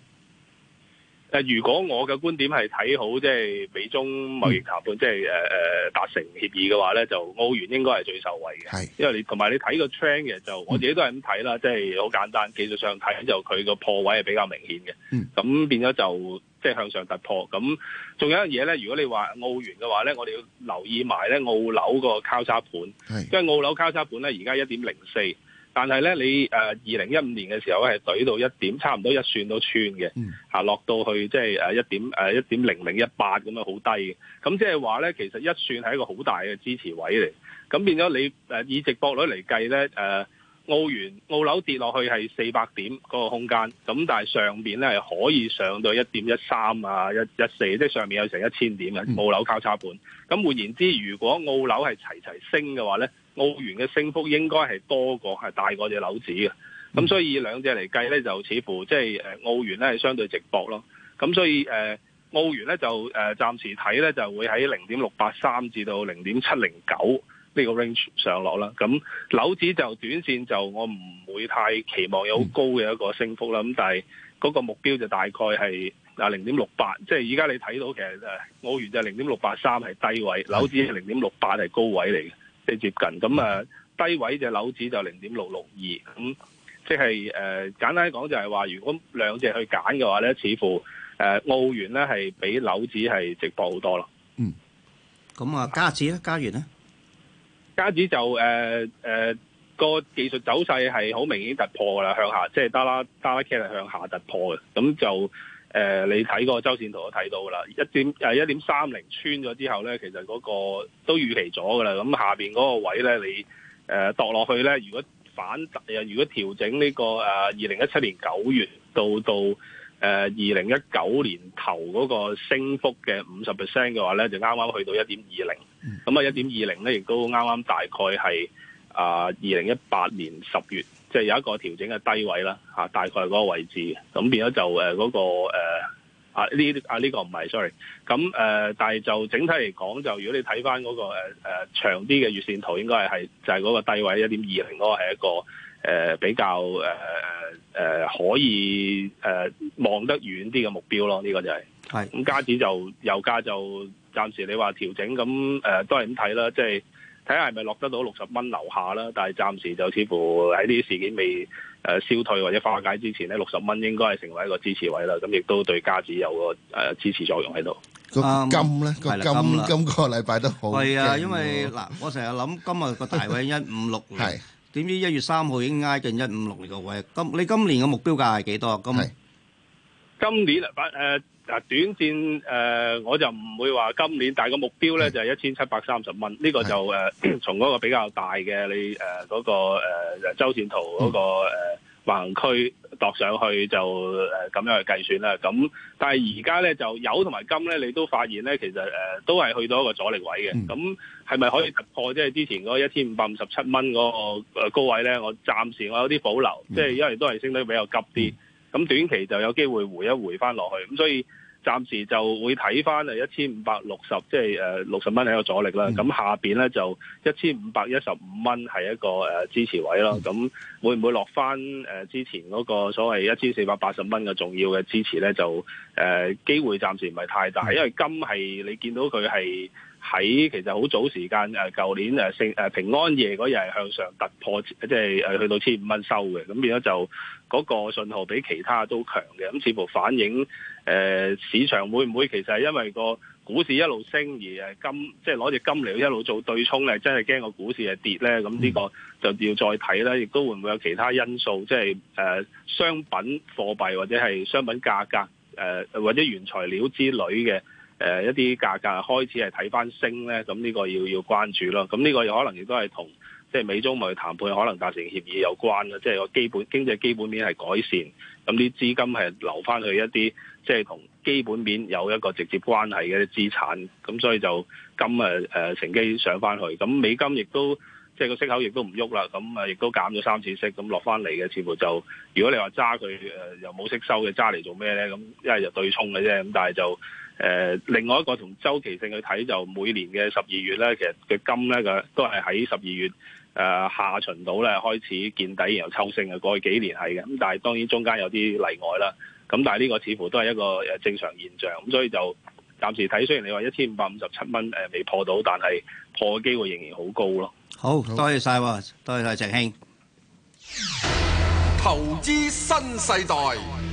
但如果我嘅觀點係睇好即係美中貿易談判，嗯、即係誒誒達成協議嘅話咧，就澳元應該係最受惠嘅。係是，因為你同埋你睇個 trend 嘅就，嗯、我自己都係咁睇啦。即係好簡單，技術上睇就佢個破位係比較明顯嘅。嗯，咁變咗就即係向上突破。咁仲有一樣嘢咧，如果你話澳元嘅話咧，我哋要留意埋咧澳紐個交叉盤。係是，因為澳紐交叉盤咧，而家一點零四。但係咧，你誒二零一五年嘅時候係懟到一點，差唔多一算都穿嘅，嚇、mm. 啊、落到去即係誒一點誒一、啊、點零零一八咁樣好低嘅。咁即係話咧，其實一算係一個好大嘅支持位嚟。咁變咗你誒、呃、以直播率嚟計咧，誒、呃、澳元澳樓跌落去係四百點嗰個空間，咁但係上邊咧係可以上到一點一三啊，一一四，即係上面有成一千點嘅澳樓交叉盤。咁、mm. 換言之，如果澳樓係齊齊升嘅話咧。澳元嘅升幅應該係多過係大過隻紐紙嘅，咁所以兩隻嚟計咧，就似乎即係誒澳元咧係相對值博咯。咁所以誒、呃、澳元咧就誒暫、呃、時睇咧就會喺零點六八三至到零點七零九呢個 range 上落啦。咁紐紙就短線就我唔會太期望有好高嘅一個升幅啦。咁、嗯、但係嗰個目標就大概係啊零點六八，即係而家你睇到其實誒、呃、澳元就零點六八三係低位，紐紙零點六八係高位嚟嘅。最接近咁啊，低位只樓指就零點六六二，咁即係誒、呃、簡單講就係、是、話，如果兩隻去揀嘅話咧，似乎誒澳、呃、元咧係比樓指係值博好多啦、嗯。嗯，咁啊，加子咧，加元咧，加子就誒誒個技術走勢係好明顯突破噶啦，向下即係 Da 啦 Da 啦，傾係向下突破嘅，咁就。誒、呃，你睇個周線圖就睇到噶啦，一點誒一點三零穿咗之後咧，其實嗰個都預期咗噶啦。咁下邊嗰個位咧，你誒墮落去咧，如果反彈、呃、如果調整呢、呢個誒二零一七年九月到到誒二零一九年頭嗰個升幅嘅五十 percent 嘅話咧，就啱啱去到一點二零。咁啊、嗯，一點二零咧，亦都啱啱大概係啊二零一八年十月。即係有一個調整嘅低位啦，嚇、啊、大概嗰個位置，咁變咗就誒嗰、呃那個啊呢、這個、啊呢、這個唔係，sorry，咁誒、呃，但係就整體嚟講，就如果你睇返嗰個誒誒、呃、長啲嘅月線圖，應該係係就係、是、嗰個低位一點二零嗰個係一個誒、呃、比較誒誒誒可以誒、呃、望得遠啲嘅目標咯，呢、這個就係係咁，家姐是就油價就暫時你話調整，咁誒、呃、都係咁睇啦，即、就、係、是。睇下係咪落得到六十蚊樓下啦，但係暫時就似乎喺呢啲事件未誒消退或者化解之前呢，六十蚊應該係成為一個支持位啦，咁亦都對家子有個誒支持作用喺度。個金咧，個金今個禮拜都好。係啊，因為嗱，我成日諗今日個大位一五六零，點知一月三號已經挨近一五六零個位。今你今年嘅目標價係幾多啊？今今年啊，反誒。啊，短線誒、呃，我就唔會話今年，但係個目標咧就係一千七百三十蚊，呢、這個就誒、呃、從嗰個比較大嘅你誒嗰個誒週線圖嗰、那個誒、呃、橫區度上去就誒咁、呃、樣去計算啦。咁、嗯、但係而家咧就油同埋金咧，你都發現咧，其實誒、呃、都係去到一個阻力位嘅。咁係咪可以突破即係、就是、之前嗰一千五百五十七蚊嗰個高位咧？我暫時我有啲保留，即、就、係、是、因為都係升得比較急啲，咁短期就有機會回一回翻落去。咁所以。暫時就會睇翻係一千五百六十，即係誒六十蚊係一個阻力啦。咁、嗯、下邊咧就一千五百一十五蚊係一個誒、呃、支持位咯。咁會唔會落翻誒之前嗰個所謂一千四百八十蚊嘅重要嘅支持咧？就誒、呃、機會暫時唔係太大，嗯、因為金係你見到佢係，喺其實好早時間誒，舊年誒聖誒平安夜嗰日係向上突破，即係誒去到千五蚊收嘅，咁變咗就嗰個信號比其他都強嘅。咁似乎反映誒、呃、市場會唔會其實係因為個股市一路升而誒金，即係攞隻金嚟一路做對沖，係真係驚個股市係跌咧？咁呢個就要再睇啦。亦都會唔會有其他因素，即係誒商品貨幣或者係商品價格誒、呃、或者原材料之類嘅？誒、呃、一啲價格開始係睇翻升咧，咁呢個要要關注咯。咁呢個又可能亦都係同即係美中咪談判可能達成協議有關啦。即係個基本經濟基本面係改善，咁啲資金係留翻去一啲即係同基本面有一個直接關係嘅資產，咁所以就今誒誒乘機上翻去。咁美金亦都即係個息口亦都唔喐啦，咁誒亦都減咗三次息，咁落翻嚟嘅似乎就如果你話揸佢誒又冇息收嘅揸嚟做咩咧？咁一係就對沖嘅啫，咁但係就。誒，另外一個同周期性去睇，就每年嘅十二月咧，其實嘅金咧都係喺十二月誒下旬到咧開始見底，然後抽升，過去幾年係嘅。咁但係當然中間有啲例外啦。咁但係呢個似乎都係一個正常現象。咁所以就暫時睇，雖然你話一千五百五十七蚊誒未破到，但係破嘅機會仍然好高咯。好，多謝晒，多謝晒，謝，鄭兄。投資新世代。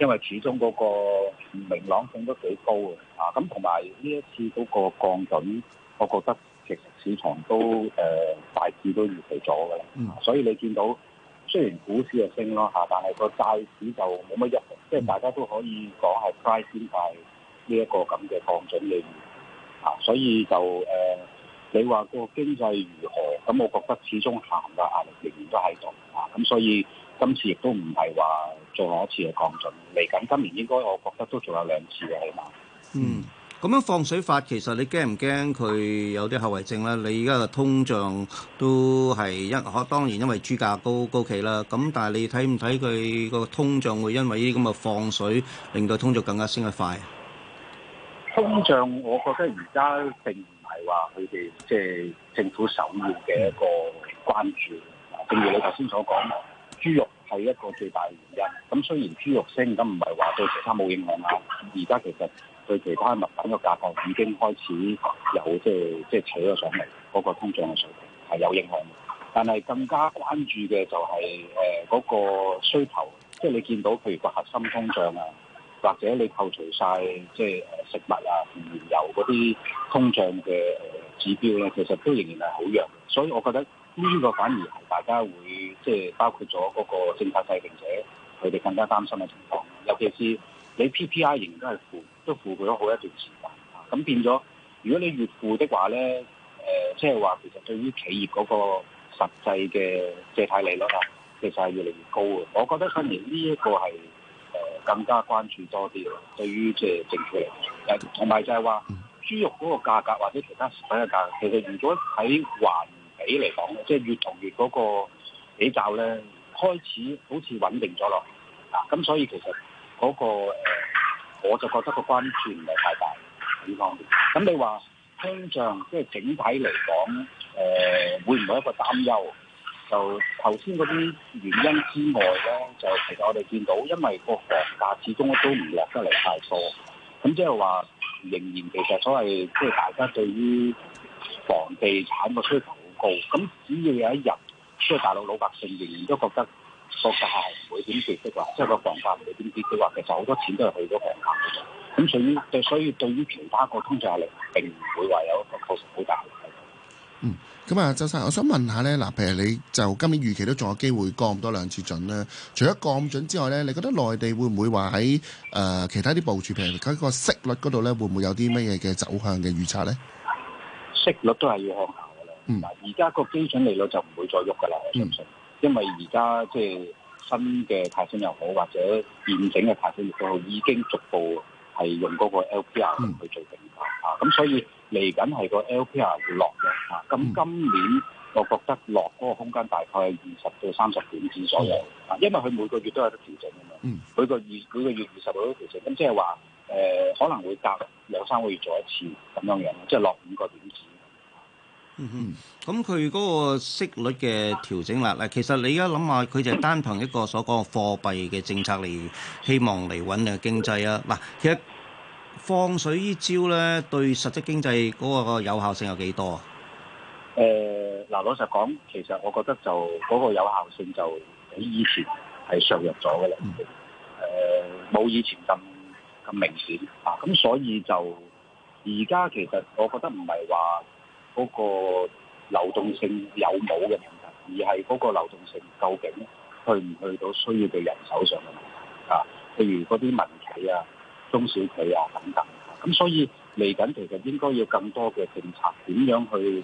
因為始終嗰個明朗性都幾高嘅，啊咁同埋呢一次嗰個降準，我覺得其實市場都誒、呃、大致都預期咗嘅啦。所以你見到雖然股市就升咯嚇、啊，但係個債市就冇乜一，即係、嗯、大家都可以講係 pr Price 先帶呢一個咁嘅降準嘅預。啊，所以就誒、呃，你話個經濟如何？咁我覺得始終下行嘅壓力仍然都喺度。啊，咁所以今次亦都唔係話，做下一次嘅降準，嚟緊今年應該我覺得都仲有兩次嘅，好嘛？嗯，咁樣放水法其實你驚唔驚佢有啲後遺症咧？你而家嘅通脹都係一可，當然因為豬價高高企啦。咁但係你睇唔睇佢個通脹會因為呢啲咁嘅放水令到通脹更加升得快？通脹我覺得而家並唔係話佢哋即係政府首要嘅一個關注，正如你頭先所講，豬肉。係一個最大原因。咁雖然豬肉升，咁唔係話對其他冇影響啦。而家其實對其他物品嘅價格已經開始有即係即係扯咗上嚟，嗰、那個通脹嘅水平係有影響嘅。但係更加關注嘅就係誒嗰個需求，即、就、係、是、你見到譬如個核心通脹啊，或者你扣除晒即係食物啊、原油嗰啲通脹嘅指標啦、啊，其實都仍然係好弱。所以我覺得。呢個反而係大家會即係包括咗嗰個政策制定者佢哋更加擔心嘅情況，尤其是你 PPI 仍然都係負都負咗好一段時間，咁變咗如果你越負的話咧，誒即係話其實對於企業嗰個實際嘅借貸利率啊，其實係越嚟越高嘅。我覺得反而呢一個係誒更加關注多啲咯，對於即係政府嚟講，同埋就係話豬肉嗰個價格或者其他食品嘅價格，其實如果喺環比嚟講，即係越同越嗰個比較咧，開始好似穩定咗咯。啊，咁所以其實嗰、那個、呃、我就覺得個關注唔係太大呢方面。咁你話通脹，即係整體嚟講，誒、呃、會唔會一個擔憂？就頭先嗰啲原因之外咧，就其實我哋見到，因為個房價始終都唔落得嚟太多。咁即係話仍然其實所謂即係大家對於房地產個需求。咁只要有一日即係大陸老百姓仍然都覺得國家係唔會點跌嘅話，即係個房價唔會點跌嘅話，其實好多錢都係去咗房價。咁所以所以對，所以對於其他個通脹壓力並唔會話有一個確實好大。嗯，咁啊，周生，我想問下咧，嗱，譬如你就今年預期都仲有機會降多兩次準咧，除咗降準之外咧，你覺得內地會唔會話喺誒其他啲部署？譬如佢個息率嗰度咧，會唔會有啲乜嘢嘅走向嘅預測咧？息率都係要向嗱，而家個基準利率就唔會再喐噶啦，我相信，因為而家即係新嘅貸款又好，或者現整嘅貸款亦都已經逐步係用嗰個 LPR 去做定價、嗯、啊，咁所以嚟緊係個 LPR 會落嘅啊，咁今年我覺得落嗰個空間大概係二十到三十點子左右、嗯、啊，因為佢每個月都有得調整啊嘛，每個二每個月二十度都調整，咁即係話誒可能會隔兩三個月做一次咁樣樣，即係落五個點子。嗯哼，咁佢嗰個息率嘅調整啦，嗱，其實你而家諗下，佢就單憑一個所講嘅貨幣嘅政策嚟希望嚟揾你嘅經濟啊，嗱，其實放水依招咧，對實質經濟嗰個有效性有幾多？誒、呃，嗱、呃，老實講，其實我覺得就嗰、那個有效性就比以前係削弱咗嘅啦，誒、嗯，冇、呃、以前咁咁明顯啊，咁所以就而家其實我覺得唔係話。嗰個流動性有冇嘅問題，而係嗰個流動性究竟去唔去到需要嘅人手上嘅問題。啊，譬如嗰啲民企啊、中小企啊等等。咁、啊、所以嚟緊其實應該要更多嘅政策點樣去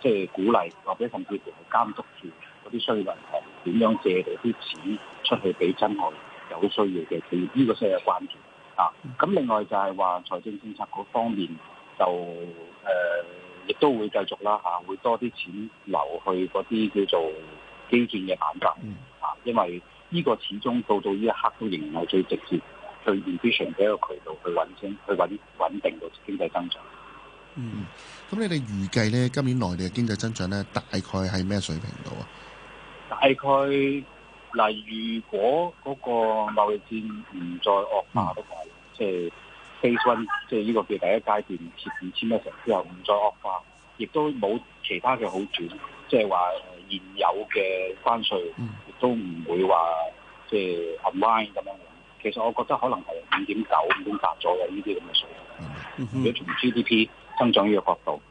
即係、就是、鼓勵，或、啊、者甚至乎監督住嗰啲需要銀行點樣借嚟啲錢出去俾真係有需要嘅企業。係呢個需要關注啊。咁另外就係話財政政策嗰方面就誒。呃亦都會繼續啦，嚇會多啲錢流去嗰啲叫做基建嘅板塊，嚇、嗯，因為呢個始終到到呢一刻都仍然係最直接、最 efficient 嘅一個渠道去穩先，去穩穩定到經濟增長。嗯，咁你哋預計咧今年內地嘅經濟增長咧大概係咩水平度啊？大概嗱，如果嗰個貿易戰唔再惡化嘅話，即係、嗯。就是 p h 即係呢個叫第一階段，設五千 percent 之後唔再惡化，亦都冇其他嘅好轉，即係話現有嘅關稅亦都唔會話即係行歪咁樣。其實我覺得可能係五點九五點八左右呢啲咁嘅數。如果從 GDP 增長呢個角度。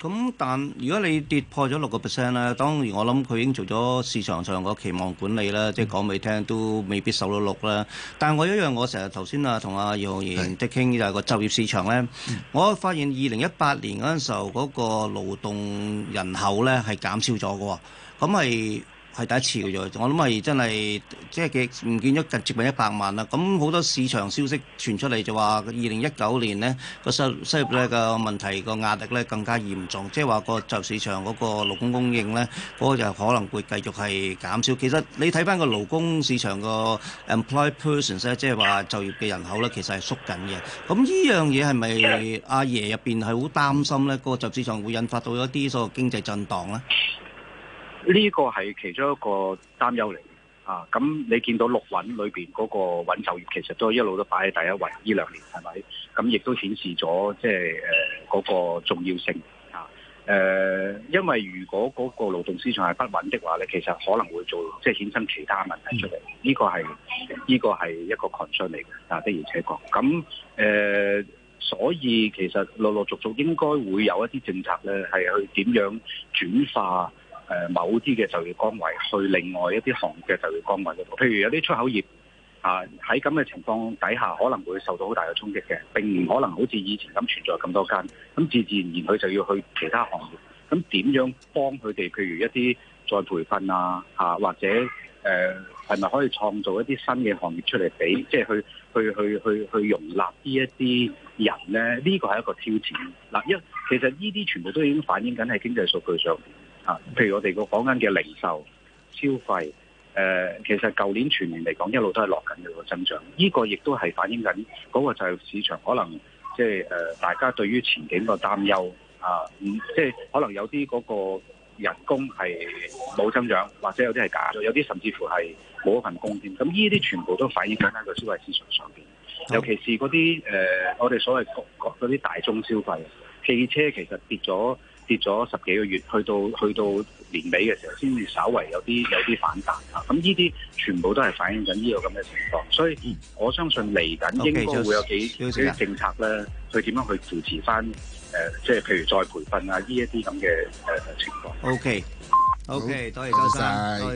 咁但如果你跌破咗六個 percent 咧，當然我諗佢已經做咗市場上個期望管理啦，嗯、即係講俾你聽都未必受到六啦。但係我一樣，我成日頭先啊，同阿姚浩然即係傾是就係個就業市場咧，我發現二零一八年嗰陣時候嗰、嗰個勞動人口咧係減少咗嘅喎，咁係。係第一次嘅啫，我諗係真係即係嘅唔見咗近接近一百萬啦。咁好多市場消息傳出嚟就話，二零一九年咧個失失業咧個問題個壓力咧更加嚴重，即係話個集市場嗰個勞工供應咧嗰個就可能會繼續係減少。其實你睇翻個勞工市場個 employed persons 咧，即係話就業嘅人口咧，其實係縮緊嘅。咁呢樣嘢係咪阿爺入邊係好擔心咧？個集市場會引發到一啲所謂經濟震盪咧？呢個係其中一個擔憂嚟嘅，啊，咁你見到六穩裏邊嗰個穩就業，其實都一路都擺喺第一位，呢兩年係咪？咁亦都顯示咗即係誒嗰個重要性啊，誒，因為如果嗰個勞動市場係不穩的話咧，其實可能會做即係、就是、衍生其他問題出嚟，呢、嗯、個係呢、呢個係一個 concern 嚟嘅，啊的而且確，咁誒、呃，所以其實陸陸續續應該會有一啲政策咧係去點樣轉化。誒某啲嘅就業崗位去另外一啲行業嘅就業崗位度，譬如有啲出口業啊喺咁嘅情況底下，可能會受到好大嘅衝擊嘅，並唔可能好似以前咁存在咁多間，咁自自然然佢就要去其他行業，咁點樣幫佢哋？譬如一啲再培訓啊，嚇或者誒係咪可以創造一啲新嘅行業出嚟俾，即係去去去去去,去容納呢一啲人咧？呢個係一個挑戰。嗱，一其實呢啲全部都已經反映緊喺經濟數據上。啊、譬如我哋個房間嘅零售消費，誒、呃，其實舊年全年嚟講一，一路都係落緊嘅個增長，呢、這個亦都係反映緊嗰個就係市場可能即係誒大家對於前景個擔憂啊，嗯，即、就、係、是、可能有啲嗰個人工係冇增長，或者有啲係假咗，有啲甚至乎係冇一份工添，咁呢啲全部都反映緊喺個消費市場上邊，尤其是嗰啲誒我哋所謂嗰啲大宗消費，汽車其實跌咗。跌咗十幾個月，去到去到年尾嘅時候，先至稍微有啲有啲反彈啊。咁呢啲全部都係反映緊呢個咁嘅情況，所以、嗯、我相信嚟緊應該會有幾啲 Okay, just, 政策咧，you see. 去點樣去扶持返誒，即、呃、係譬如再培訓啊呢一啲咁嘅誒情況。O K O K，多謝高